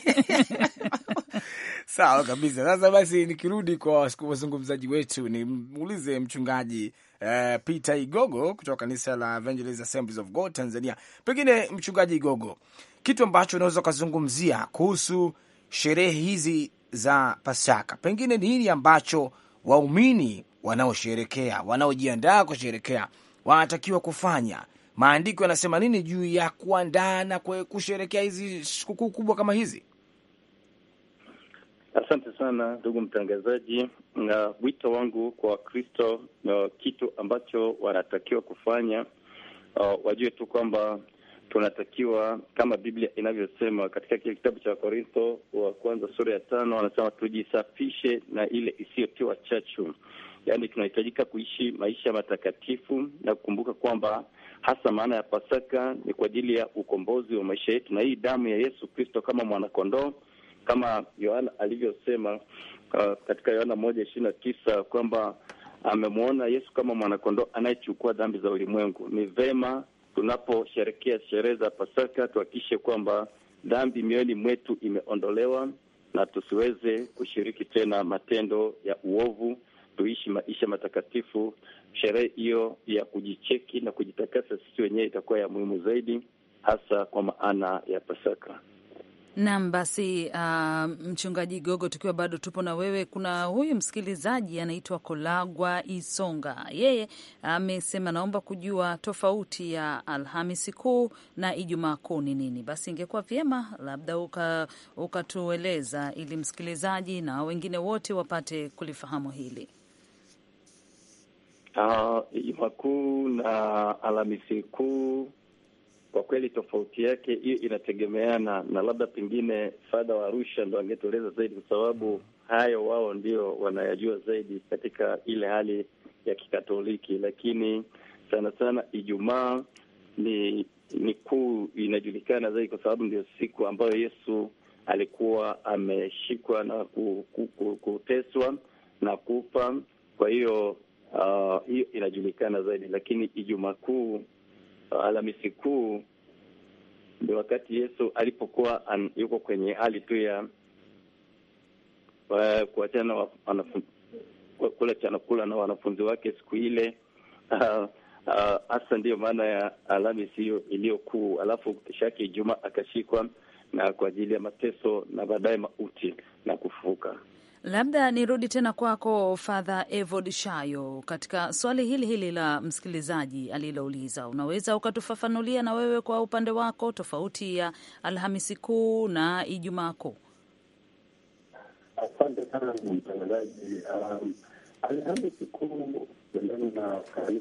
<laughs> sawa kabisa. Sasa basi nikirudi kwa wazungumzaji wetu, nimuulize mchungaji Eh, Peter Igogo kutoka kanisa la Evangelist Assemblies of God Tanzania. Pengine mchungaji Igogo, kitu ambacho unaweza ukazungumzia kuhusu sherehe hizi za Pasaka, pengine nini ambacho waumini wanaosherekea wanaojiandaa kusherekea wanatakiwa kufanya? Maandiko yanasema nini juu ya kuandaa na kusherekea hizi sikukuu kubwa kama hizi? Asante sana ndugu mtangazaji, na wito wangu kwa Wakristo kitu ambacho wanatakiwa kufanya uh, wajue tu kwamba tunatakiwa kama Biblia inavyosema katika kile kitabu cha Wakorintho wa kwanza sura ya tano, wanasema tujisafishe na ile isiyotiwa chachu. Yaani, tunahitajika kuishi maisha matakatifu na kukumbuka kwamba hasa maana ya Pasaka ni kwa ajili ya ukombozi wa maisha yetu, na hii damu ya Yesu Kristo kama mwanakondoo kama Yohana alivyosema uh, katika Yohana moja ishirini na tisa kwamba amemwona Yesu kama mwanakondoo anayechukua dhambi za ulimwengu. Ni vema tunaposherekea sherehe za Pasaka tuhakikishe kwamba dhambi mioyoni mwetu imeondolewa na tusiweze kushiriki tena matendo ya uovu, tuishi maisha matakatifu. Sherehe hiyo ya kujicheki na kujitakasa sisi wenyewe itakuwa ya muhimu zaidi, hasa kwa maana ya Pasaka nam basi uh, mchungaji Gogo, tukiwa bado tupo na wewe, kuna huyu msikilizaji anaitwa Kolagwa Isonga. Yeye amesema uh, naomba kujua tofauti ya Alhamisi Kuu na Ijumaa Kuu ni nini. Basi ingekuwa vyema labda ukatueleza uka, ili msikilizaji na wengine wote wapate kulifahamu hili. Uh, Ijumaa Kuu na Alhamisi Kuu kwa kweli tofauti yake hiyo inategemeana na labda pengine fadha wa Arusha ndo angetueleza zaidi, kwa sababu hayo wao ndio wanayajua zaidi katika ile hali ya Kikatoliki, lakini sana sana Ijumaa ni ni kuu inajulikana zaidi, kwa sababu ndio siku ambayo Yesu alikuwa ameshikwa na kuteswa na kufa. Kwa hiyo uh, hiyo uh, inajulikana zaidi, lakini Ijumaa Kuu Uh, Alhamisi Kuu ndio wakati Yesu alipokuwa an, yuko kwenye hali tu ya uh, kuachana na wanafunzi kula na wanafunzi wake siku ile hasa. Uh, uh, ndiyo maana ya Alhamisi hiyo iliyokuu, alafu kesho yake Ijumaa akashikwa na kwa ajili ya mateso na baadaye mauti na kufufuka. Labda nirudi tena kwako Fadha Evod Shayo katika swali hili hili la msikilizaji alilouliza, unaweza ukatufafanulia na wewe kwa upande wako tofauti ya Alhamisi Kuu na Ijumaa Kuu? Asante sana mtangazaji. Um, Alhamisi Kuu kulingana na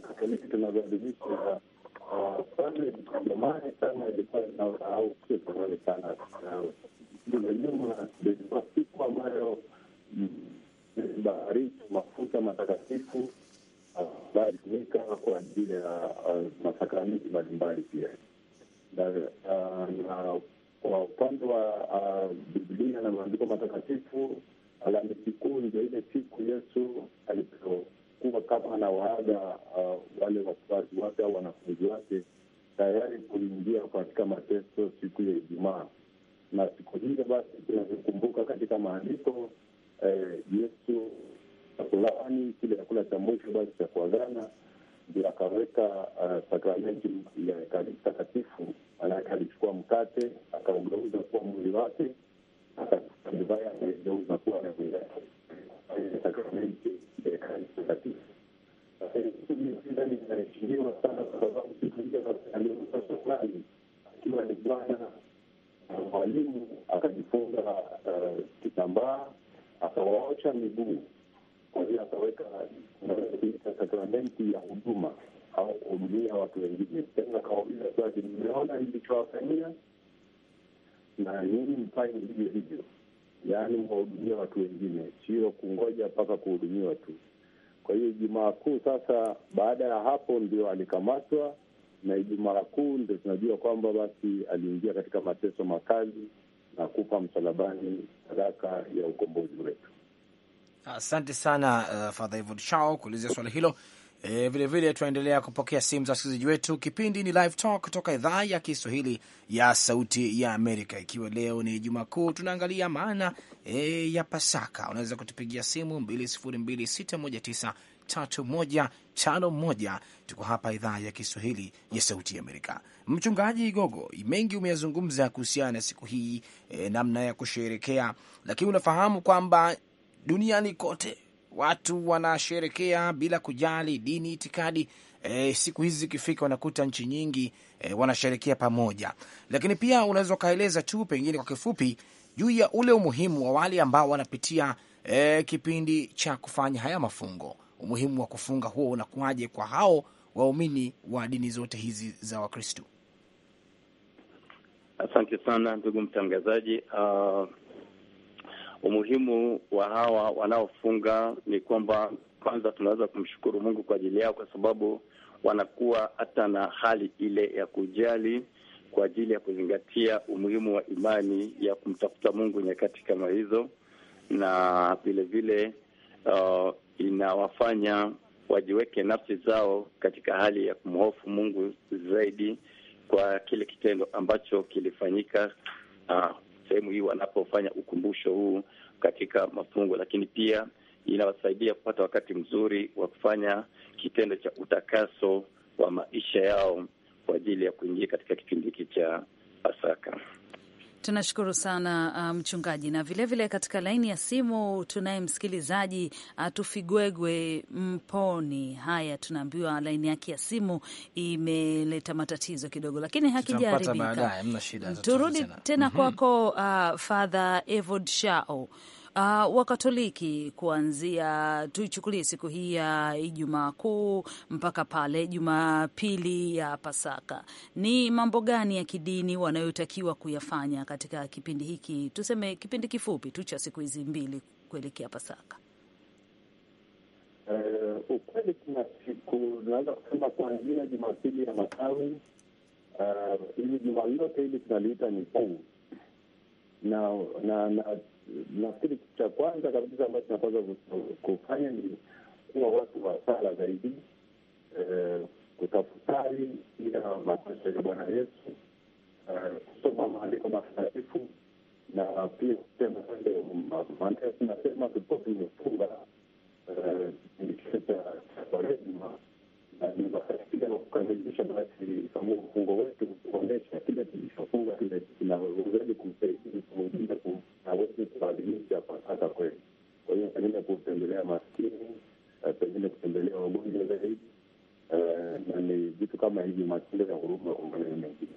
Katoliki tunavyoadhimisha pale uh, zamani sana ilikuwa au sio zamani sana, uh, juma ilikuwa siku ambayo baharini mafuta matakatifu ambayo ah, alitumika kwa ajili ya ah, masakramenti mbalimbali pia ah, na kwa upande wa Biblia na maandiko matakatifu, Alhamisi Kuu ndio ile siku Yesu alipokuwa kama anawaaga wale wafuasi wake au wanafunzi wake tayari kuingia katika mateso siku ya Ijumaa. Na siku hiyo basi tunavyokumbuka katika maandiko eh, Yesu akulaani kile chakula cha mwisho basi cha kuagana, ndio akaweka uh, sakramenti ya Ekaristi Takatifu. Maanake alichukua mkate akaugeuza kuwa mwili wake, akachukua divai akaigeuza kuwa damu yake, sakramenti ya Ekaristi Takatifu inaheshimiwa sana kwa sababu sikuiaaliusa shukrani akiwa ni Bwana mwalimu akajifunga eh, kitambaa akawaosha miguu. Kwa hiyo akaweka sakramenti ya huduma au kuhudumia watu wengine. Tena akawauliza swali, mmeona nilichowafanyia na nyinyi mfanye hivyo hivyo, yaani mwahudumia watu wengine, sio kungoja mpaka kuhudumiwa tu. Kwa hiyo Ijumaa Kuu sasa, baada ya hapo ndio alikamatwa na Ijumaa Kuu ndio tunajua kwamba basi aliingia katika mateso makali na kupa msalabani sadaka ya ukombozi wetu. Asante sana uh, Father Evod Shao kuulizia swala hilo. E, vile vile tunaendelea kupokea simu za wasikilizaji wetu. Kipindi ni Live Talk kutoka idhaa ya Kiswahili ya Sauti ya Amerika, ikiwa leo ni Juma Kuu, tunaangalia maana e, ya Pasaka. Unaweza kutupigia simu 202619 3151. Tuko hapa idhaa ya Kiswahili ya Sauti ya Amerika. Mchungaji Gogo, mengi umeyazungumza kuhusiana na siku hii e, namna ya kusherekea, lakini unafahamu kwamba duniani kote watu wanasherekea bila kujali dini, itikadi. E, siku hizi zikifika wanakuta nchi nyingi e, wanasherekea pamoja, lakini pia unaweza ukaeleza tu pengine kwa kifupi juu ya ule umuhimu wa wale ambao wanapitia e, kipindi cha kufanya haya mafungo umuhimu wa kufunga huo unakuwaje kwa hao waumini wa dini zote hizi za Wakristo? Asante sana ndugu mtangazaji. Uh, umuhimu wa hawa wanaofunga ni kwamba kwanza tunaweza kumshukuru Mungu kwa ajili yao, kwa sababu wanakuwa hata na hali ile ya kujali kwa ajili ya kuzingatia umuhimu wa imani ya kumtafuta Mungu nyakati kama hizo, na vilevile uh, inawafanya wajiweke nafsi zao katika hali ya kumhofu Mungu zaidi kwa kile kitendo ambacho kilifanyika ah, sehemu hii wanapofanya ukumbusho huu katika mafungo, lakini pia inawasaidia kupata wakati mzuri wa kufanya kitendo cha utakaso wa maisha yao kwa ajili ya kuingia katika kipindi hiki cha Pasaka. Tunashukuru sana uh, mchungaji. Um, na vilevile vile katika laini ya simu tunaye msikilizaji uh, Tufigwegwe Mponi. Haya, tunaambiwa laini yake ya simu imeleta matatizo kidogo, lakini hakijaharibika. Turudi tena mhm. kwako, uh, Father Evod Shao uh, Wakatoliki kuanzia tuichukulie siku hii ya Ijumaa Kuu mpaka pale Jumapili ya Pasaka, ni mambo gani ya kidini wanayotakiwa kuyafanya katika kipindi hiki, tuseme kipindi kifupi tu cha siku hizi mbili kuelekea Pasaka? Uh, ukweli kuna siku tunaweza kusema kuanzia Jumapili ya matawi hili uh, juma lote hili tunaliita ni kuu na na, na nafikiri kitu cha kwanza kabisa ambacho napaswa kufanya ni kuwa watu wa sala zaidi, eh, kutafutari pia mateso ya Bwana Yesu, eh, kusoma maandiko matakatifu na pia kusema yale maandiko tunasema, tulikuwa tumefunga eh, kile cha Kwaresima na tulizokatika kukamilisha basi kama wetu kuonyesha kile tulichofunga kile kinawezesha kweli. Kwa hiyo eh, pengine kutembelea maskini, eh, kutembelea wagonjwa zaidi, eh, na vitu kama hivi, matendo ya huruma kwa maneno mengine.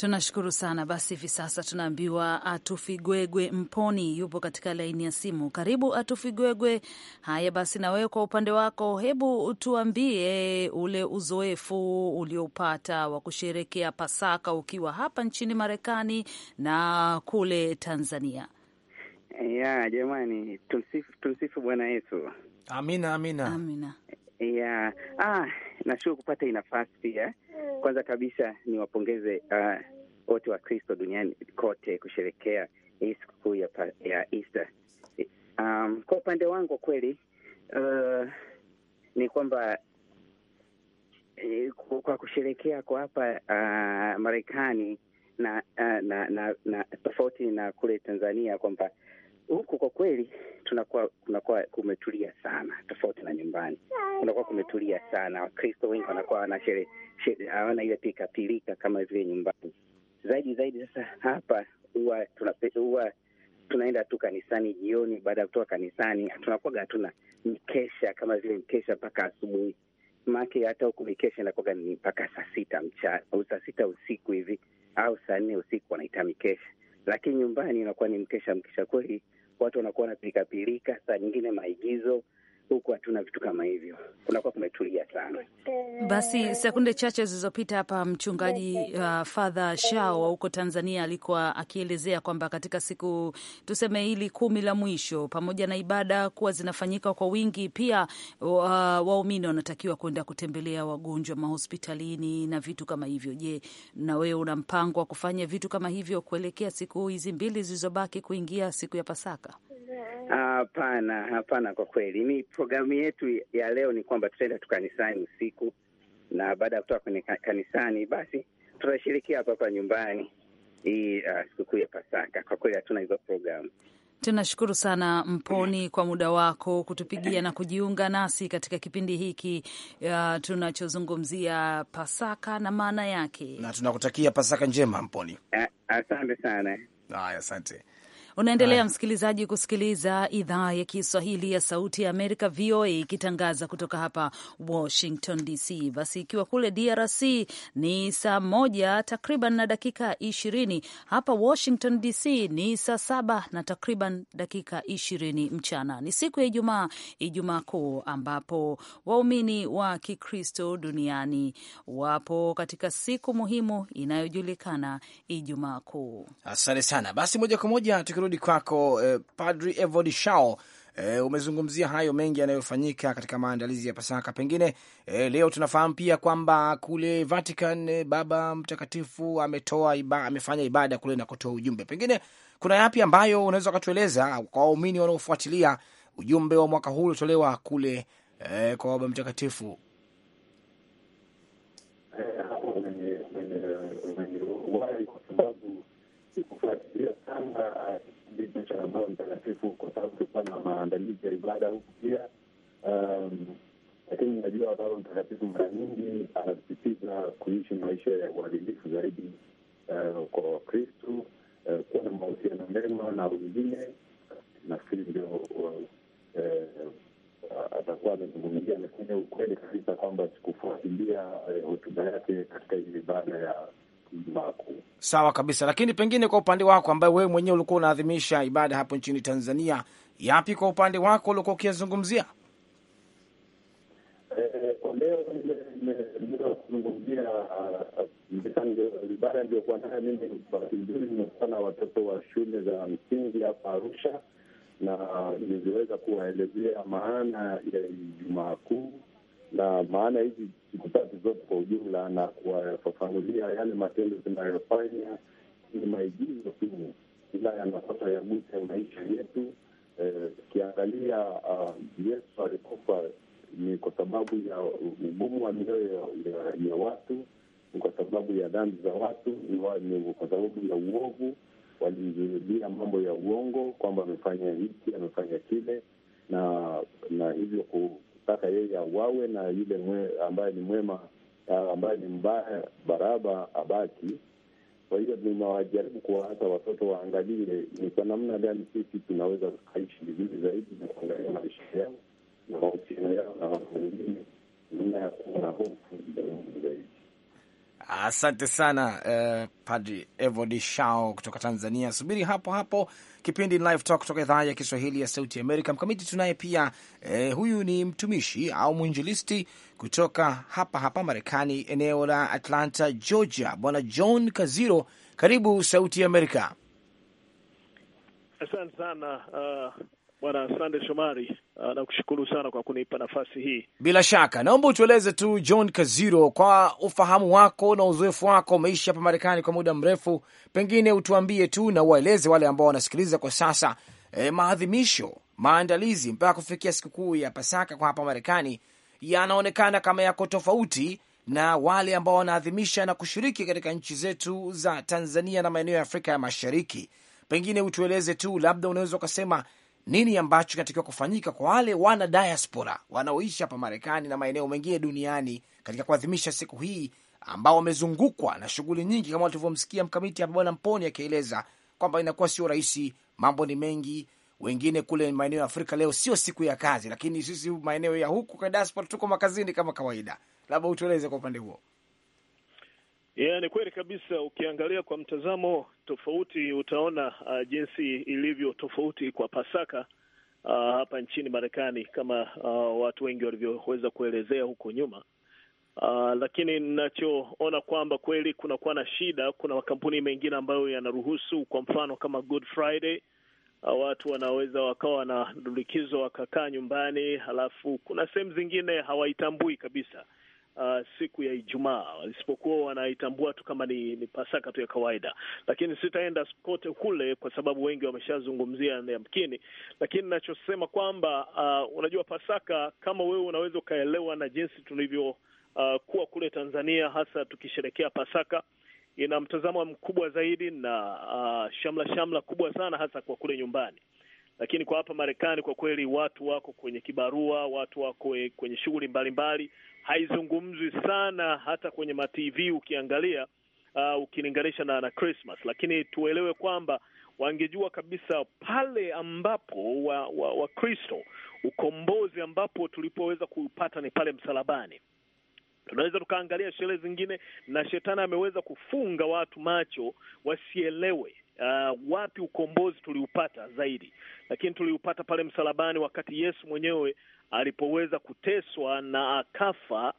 Tunashukuru sana. Basi hivi sasa tunaambiwa Atufigwegwe Mponi yupo katika laini ya simu. Karibu Atufigwegwe. Haya basi, na wewe kwa upande wako, hebu tuambie ule uzoefu ulioupata wa kusherekea Pasaka ukiwa hapa nchini Marekani na kule Tanzania. Ya jamani, tumsifu, tumsifu Bwana Yesu. Amina, amina, amina. Ya ah na sio kupata hii nafasi pia. Kwanza kabisa ni wapongeze uh, wote uh, wa Kristo duniani kote kusherekea hii sikukuu ya, ya Easter. Um, kwa upande wangu kweli uh, ni kwamba uh, kwa kusherekea kwa hapa uh, Marekani na, uh, na, na, na tofauti na kule Tanzania kwamba huku kwa kweli tunakuwa kunakuwa kumetulia sana, tofauti na nyumbani, kunakuwa kumetulia sana. Wakristo wengi wanakuwa hawana ile pilika kama vile nyumbani zaidi zaidi. Sasa hapa huwa huwa tunaenda tu kanisani jioni, baada ya kutoka kanisani tunakuwaga hatuna mkesha kama vile mkesha mpaka asubuhi, maake hata huku mikesha inakuwaga ni mpaka saa sita mchana au saa sita usiku hivi au saa nne usiku wanaita mikesha, lakini nyumbani inakuwa ni mkesha mkesha kweli watu wanakuwa wanapirikapirika, saa nyingine maigizo huku hatuna vitu kama hivyo, kunakuwa kumetulia sana. Basi sekunde chache zilizopita hapa mchungaji uh, Father Shao wa huko Tanzania alikuwa akielezea kwamba katika siku tuseme hili kumi la mwisho, pamoja na ibada kuwa zinafanyika kwa wingi, pia uh, waumini wanatakiwa kwenda kutembelea wagonjwa mahospitalini na vitu kama hivyo. Je, na wewe una mpango wa kufanya vitu kama hivyo kuelekea siku hizi mbili zilizobaki kuingia siku ya Pasaka? Hapana, hapana, kwa kweli mi programu yetu ya leo ni kwamba tutaenda tu kanisani usiku, na baada ya kutoka kwenye kanisani, basi tutashirikia hapa hapa nyumbani hii uh, sikukuu ya Pasaka. Kwa kweli hatuna hizo programu. Tunashukuru sana Mponi kwa muda wako kutupigia na kujiunga nasi katika kipindi hiki uh, tunachozungumzia Pasaka na maana yake, na tunakutakia Pasaka njema Mponi. Asante sana. Haya, asante. Unaendelea msikilizaji kusikiliza idhaa ya Kiswahili ya Sauti ya Amerika, VOA, ikitangaza kutoka hapa Washington DC. Basi ikiwa kule DRC ni saa moja takriban na dakika ishirini, hapa Washington DC ni saa saba na takriban dakika ishirini mchana. Ni siku ya Ijumaa, Ijumaa Kuu, ambapo waumini wa Kikristo duniani wapo katika siku muhimu inayojulikana Ijumaa Kuu. Asante sana. Basi moja kwa moja nikirudi kwako eh, Padri Evod Shao eh, umezungumzia hayo mengi yanayofanyika katika maandalizi ya Pasaka. Pengine eh, leo tunafahamu pia kwamba kule Vatican eh, Baba Mtakatifu ametoa iba, amefanya ibada kule na kutoa ujumbe. Pengine kuna yapi ambayo unaweza ukatueleza kwa waumini wanaofuatilia ujumbe wa mwaka huu uliotolewa kule eh, kwa Baba Mtakatifu? Eh, eh, eh, biashara ambayo mtakatifu, kwa sababu tulikuwa na maandalizi ya ibada huku pia, um, lakini najua baba mtakatifu mara nyingi anasisitiza kuishi maisha ya uadilifu zaidi uh, kwa Wakristu, uh, kuwa na mahusiano mema na wengine. Nafikiri ndio uh, atakuwa amezungumzia, lakini ukweli kabisa kwamba sikufuatilia hotuba yake katika hili ibada ya Sawa kabisa, lakini pengine kwa upande wako ambaye wewe mwenyewe ulikuwa unaadhimisha ibada hapo nchini Tanzania, yapi kwa upande wako ulikuwa ukiyazungumzia? Eh, eh, leo ah, ibada niliyokuwa nayo mimi, bahati watoto wa shule za msingi hapa Arusha na ah, niliweza kuwaelezea maana ya Ijumaa Kuu na maana hizi siku tatu zote kwa ujumla, na kuwafafanulia yale matendo tunayofanya ni maigizo tu, ila yanapasa yaguse maisha yetu. Tukiangalia eh, ah, Yesu alikufa ni kwa sababu ya ugumu wa mioyo ya watu, ni kwa sababu ya dhambi za watu, ni kwa sababu ya uovu. Walimzurudia mambo ya uongo kwamba amefanya hiki amefanya kile, na na hivyo anataka yeye auawe na yule mwe, ambaye ni mwema ambaye ni mbaya Baraba abaki. Kwa hiyo tunawajaribu kuwa hata watoto waangalie ni kwa namna gani sisi tunaweza tukaishi vizuri zaidi Asante sana eh, Padri Evodi Shao kutoka Tanzania. Subiri hapo hapo, kipindi Live Talk kutoka idhaa ya Kiswahili ya Sauti ya Amerika. Mkamiti tunaye pia eh, huyu ni mtumishi au mwinjilisti kutoka hapa hapa Marekani, eneo la Atlanta, Georgia, Bwana John Kaziro, karibu Sauti ya Amerika. Asante sana uh, Bwana Sande Shomari. Ah, na kushukuru sana kwa kunipa nafasi hii. Bila shaka, naomba utueleze tu John Kaziro, kwa ufahamu wako na uzoefu wako, umeishi hapa Marekani kwa muda mrefu, pengine utuambie tu na uwaeleze wale ambao wanasikiliza kwa sasa e, maadhimisho, maandalizi mpaka kufikia sikukuu ya Pasaka kwa hapa Marekani yanaonekana kama yako tofauti na wale ambao wanaadhimisha na kushiriki katika nchi zetu za Tanzania na maeneo ya Afrika ya Mashariki. Pengine utueleze tu, labda unaweza ukasema nini ambacho kinatakiwa kufanyika kwa wale wana diaspora wanaoishi hapa Marekani na maeneo mengine duniani katika kuadhimisha siku hii ambao wamezungukwa na shughuli nyingi, kama walivyomsikia mkamiti hapa Bwana Mponi akieleza kwamba inakuwa sio rahisi, mambo ni mengi. Wengine kule maeneo ya Afrika leo sio siku ya kazi, lakini sisi maeneo ya huku kwa diaspora tuko makazini kama kawaida. Labda utueleze kwa upande huo. Yeah, ni kweli kabisa. Ukiangalia kwa mtazamo tofauti utaona uh, jinsi ilivyo tofauti kwa Pasaka uh, hapa nchini Marekani kama uh, watu wengi walivyoweza kuelezea huko nyuma. Uh, lakini ninachoona kwamba kweli kunakuwa na shida. Kuna makampuni mengine ambayo yanaruhusu, kwa mfano kama Good Friday uh, watu wanaweza wakawa na dulikizo wakakaa nyumbani, halafu kuna sehemu zingine hawaitambui kabisa uh, siku ya Ijumaa, isipokuwa wanaitambua tu kama ni, ni Pasaka tu ya kawaida. Lakini sitaenda kote kule kwa sababu wengi wameshazungumzia yamkini, lakini nachosema kwamba uh, unajua Pasaka kama wewe unaweza ukaelewa na jinsi tulivyo Uh, kuwa kule Tanzania hasa tukisherekea Pasaka ina mtazamo mkubwa zaidi na uh, shamla shamla kubwa sana hasa kwa kule nyumbani lakini kwa hapa Marekani kwa kweli watu wako kwenye kibarua, watu wako kwenye shughuli mbalimbali, haizungumzwi sana hata kwenye matv ukiangalia, uh, ukilinganisha na, na Christmas. Lakini tuelewe kwamba wangejua kabisa pale ambapo Wakristo wa, wa ukombozi ambapo tulipoweza kuupata ni pale msalabani. Tunaweza tukaangalia sherehe zingine, na shetani ameweza kufunga watu macho wasielewe uh, wapi ukombozi tuliupata zaidi? Lakini tuliupata pale msalabani, wakati Yesu mwenyewe alipoweza kuteswa na akafa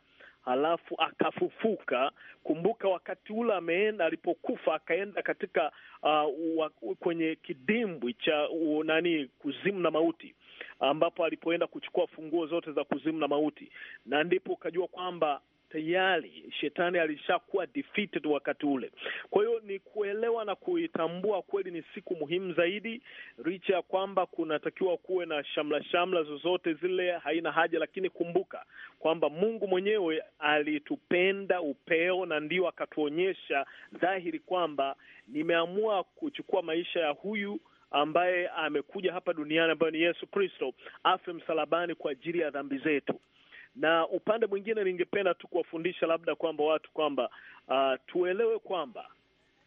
halafu akafufuka. Kumbuka wakati ule ameenda, alipokufa akaenda katika uh, wa, kwenye kidimbwi cha uh, nani, kuzimu na mauti, ambapo alipoenda kuchukua funguo zote za kuzimu na mauti, na ndipo ukajua kwamba tayari shetani alishakuwa defeated wakati ule. Kwa hiyo ni kuelewa na kuitambua kweli ni siku muhimu zaidi, licha ya kwamba kunatakiwa kuwe na shamla shamla zozote zile, haina haja, lakini kumbuka kwamba Mungu mwenyewe alitupenda upeo na ndio akatuonyesha dhahiri kwamba nimeamua kuchukua maisha ya huyu ambaye amekuja hapa duniani ambaye ni Yesu Kristo afe msalabani kwa ajili ya dhambi zetu. Na upande mwingine, ningependa tu kuwafundisha labda kwamba watu kwamba uh, tuelewe kwamba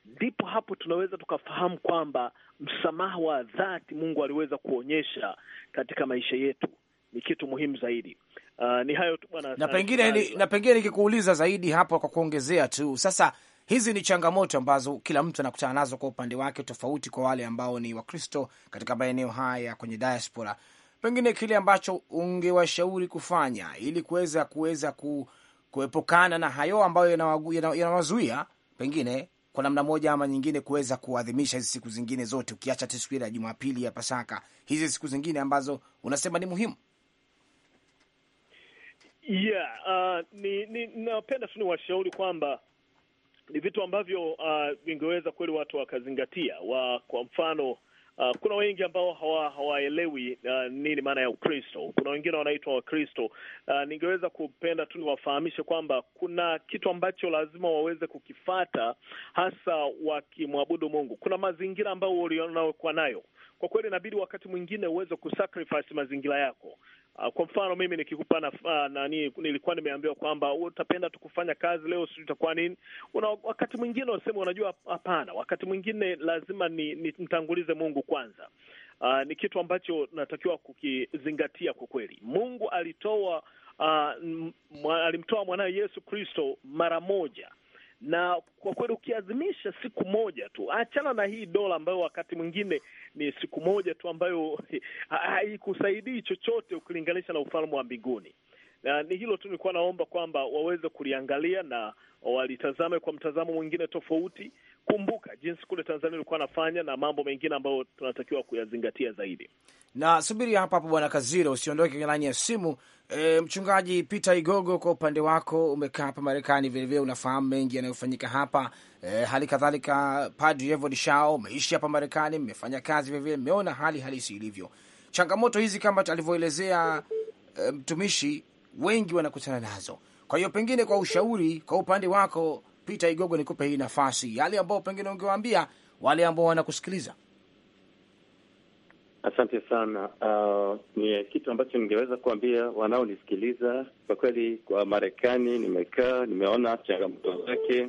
ndipo hapo tunaweza tukafahamu kwamba msamaha wa dhati Mungu aliweza kuonyesha katika maisha yetu ni kitu muhimu zaidi. Uh, ni hayo tu bwana, na pengine ni, na pengine nikikuuliza zaidi hapo kwa kuongezea tu sasa hizi ni changamoto ambazo kila mtu anakutana nazo kwa upande wake, tofauti kwa wale ambao ni Wakristo katika maeneo haya kwenye diaspora pengine kile ambacho ungewashauri kufanya ili kuweza kuweza ku, kuepukana na hayo ambayo yanawazuia pengine kwa namna moja ama nyingine kuweza kuadhimisha hizi siku zingine zote, ukiacha tu siku ile ya Jumapili ya Pasaka, hizi siku zingine ambazo unasema ni muhimu? Yeah, uh, ni, ni napenda tu washauri kwamba ni vitu ambavyo uh, vingeweza kweli watu wakazingatia wa, kwa mfano Uh, kuna wengi ambao hawaelewi hawa uh, nini maana ya Ukristo. Kuna wengine wanaitwa Wakristo. Uh, ningeweza kupenda tu niwafahamishe kwamba kuna kitu ambacho lazima waweze kukifata, hasa wakimwabudu Mungu. Kuna mazingira ambayo ulionakuwa nayo kwa kweli inabidi wakati mwingine uweze kusacrifice mazingira yako. Uh, kwa mfano mimi nikikupa na, uh, ah, nani nilikuwa nimeambiwa kwamba utapenda tu kufanya kazi leo, sijui itakuwa nini. Una wakati mwingine unasema unajua hapana, wakati mwingine lazima ni, ni mtangulize Mungu kwanza. Uh, ni kitu ambacho natakiwa kukizingatia kwa kweli. Mungu alitoa uh, alimtoa mwanaye Yesu Kristo mara moja na kwa kweli ukiazimisha siku moja tu, achana na hii dola ambayo wakati mwingine ni siku moja tu ambayo <laughs> haikusaidii chochote ukilinganisha na ufalme wa mbinguni. Na ni hilo tu nilikuwa naomba kwamba waweze kuliangalia na walitazame kwa mtazamo mwingine tofauti kumbuka jinsi kule Tanzania ilikuwa anafanya na mambo mengine ambayo tunatakiwa kuyazingatia zaidi. Na subiri hapa hapo, bwana Kazira, usiondoke kwenye laini ya simu. E, mchungaji Peter Igogo, kwa upande wako umekaa hapa Marekani, vilevile unafahamu mengi yanayofanyika hapa. E, hali kadhalika Padri Evod Shao, umeishi hapa Marekani, mmefanya kazi vilevile, mmeona hali halisi ilivyo. Changamoto hizi kama alivyoelezea e, mtumishi, e, wengi wanakutana nazo. Kwa hiyo pengine kwa ushauri kwa upande wako Peter Igogo, nikupe hii nafasi, yale ambao pengine ungewaambia wale ambao wanakusikiliza. Asante sana. Uh, ni kitu ambacho ningeweza kuambia wanaonisikiliza kwa kweli, kwa Marekani nimekaa, nimeona changamoto zake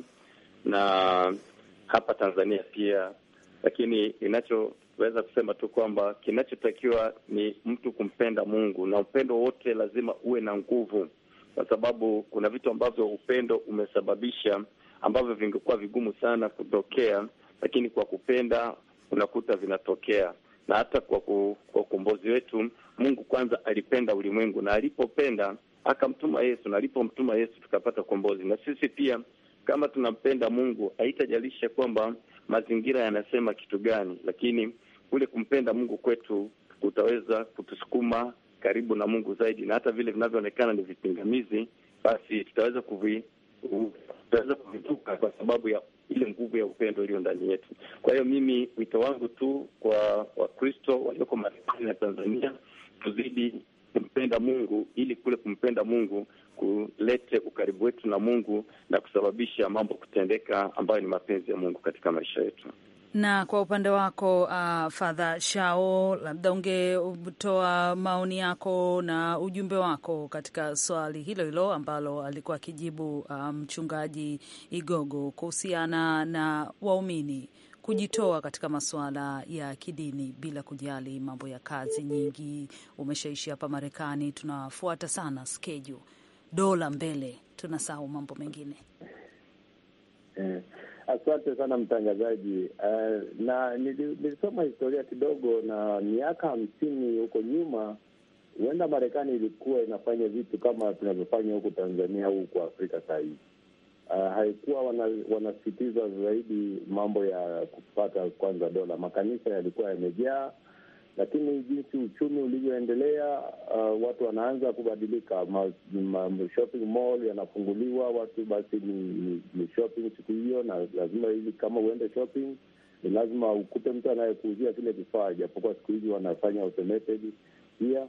na hapa Tanzania pia, lakini inachoweza kusema tu kwamba kinachotakiwa ni mtu kumpenda Mungu, na upendo wote lazima uwe na nguvu, kwa sababu kuna vitu ambavyo upendo umesababisha ambavyo vingekuwa vigumu sana kutokea, lakini kwa kupenda unakuta vinatokea. Na hata kwa, ku, kwa ukombozi wetu Mungu kwanza alipenda ulimwengu, na alipopenda akamtuma Yesu, na alipomtuma Yesu tukapata ukombozi. Na sisi pia kama tunampenda Mungu, haitajalisha kwamba mazingira yanasema kitu gani, lakini kule kumpenda Mungu kwetu kutaweza kutusukuma karibu na Mungu zaidi, na hata vile vinavyoonekana ni vipingamizi, basi tutaweza kuvi tunaweza kuvivuka kwa sababu ya ile nguvu ya upendo iliyo ndani yetu. Kwa hiyo mimi wito wangu tu kwa Wakristo walioko Marekani na Tanzania, tuzidi kumpenda Mungu ili kule kumpenda Mungu kulete ukaribu wetu na Mungu na kusababisha mambo kutendeka ambayo ni mapenzi ya Mungu katika maisha yetu. Na kwa upande wako uh, Fadha Shao, labda ungetoa maoni yako na ujumbe wako katika swali hilo hilo ambalo alikuwa akijibu uh, mchungaji um, Igogo kuhusiana na waumini kujitoa katika masuala ya kidini bila kujali mambo ya kazi nyingi. Umeshaishi hapa Marekani, tunafuata sana skeju, dola mbele, tunasahau mambo mengine. Eh, Asante sana mtangazaji. Uh, na nilisoma historia kidogo, na miaka hamsini huko nyuma, huenda Marekani ilikuwa inafanya vitu kama tunavyofanya huku Tanzania au huku Afrika sahii. Uh, eh, haikuwa wanasisitiza wana zaidi mambo ya kupata kwanza dola. Makanisa yalikuwa yamejaa lakini jinsi uchumi ulivyoendelea, uh, watu wanaanza kubadilika ma, ma, shopping mall yanafunguliwa, watu basi ni, ni shopping siku hiyo, na lazima hivi kama uende shopping ni lazima ukute mtu anayekuuzia kile kifaa, japokuwa siku hizi wanafanya automated pia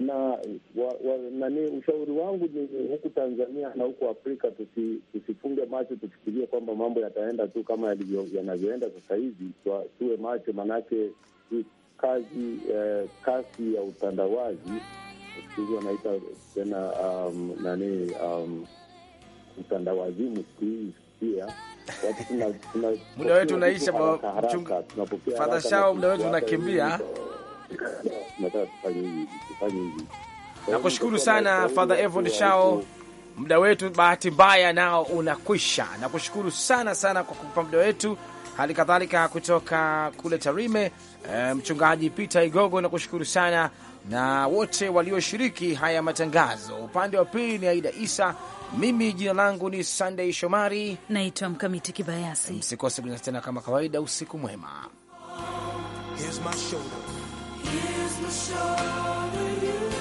na wa, wa, nani, ushauri wangu ni huku Tanzania na huku Afrika tusi, tusifunge macho, tufikirie kwamba mambo yataenda tu kama yanavyoenda sasa hivi. Tuwe macho, manake kazi eh, kasi ya utandawazi sikuhizi wanaita tena um, nani um, utandawazimu sikuhizi pia muda wetu unaisha, Fadha Shao, muda wetu unakimbia. <laughs> Nakushukuru sana Fadha Evod Shao, muda wetu bahati mbaya nao unakwisha. Nakushukuru sana sana kwa kupa muda wetu hali kadhalika kutoka kule Tarime, e, mchungaji Peter Igogo, na kushukuru sana na wote walioshiriki haya matangazo. Upande wa pili ni Aida Isa, mimi jina langu ni Sunday Shomari, naitwa Mkamiti Kibayasi. Msikose kuja tena kama kawaida. Usiku mwema. Here's my shoulder. Here's my shoulder,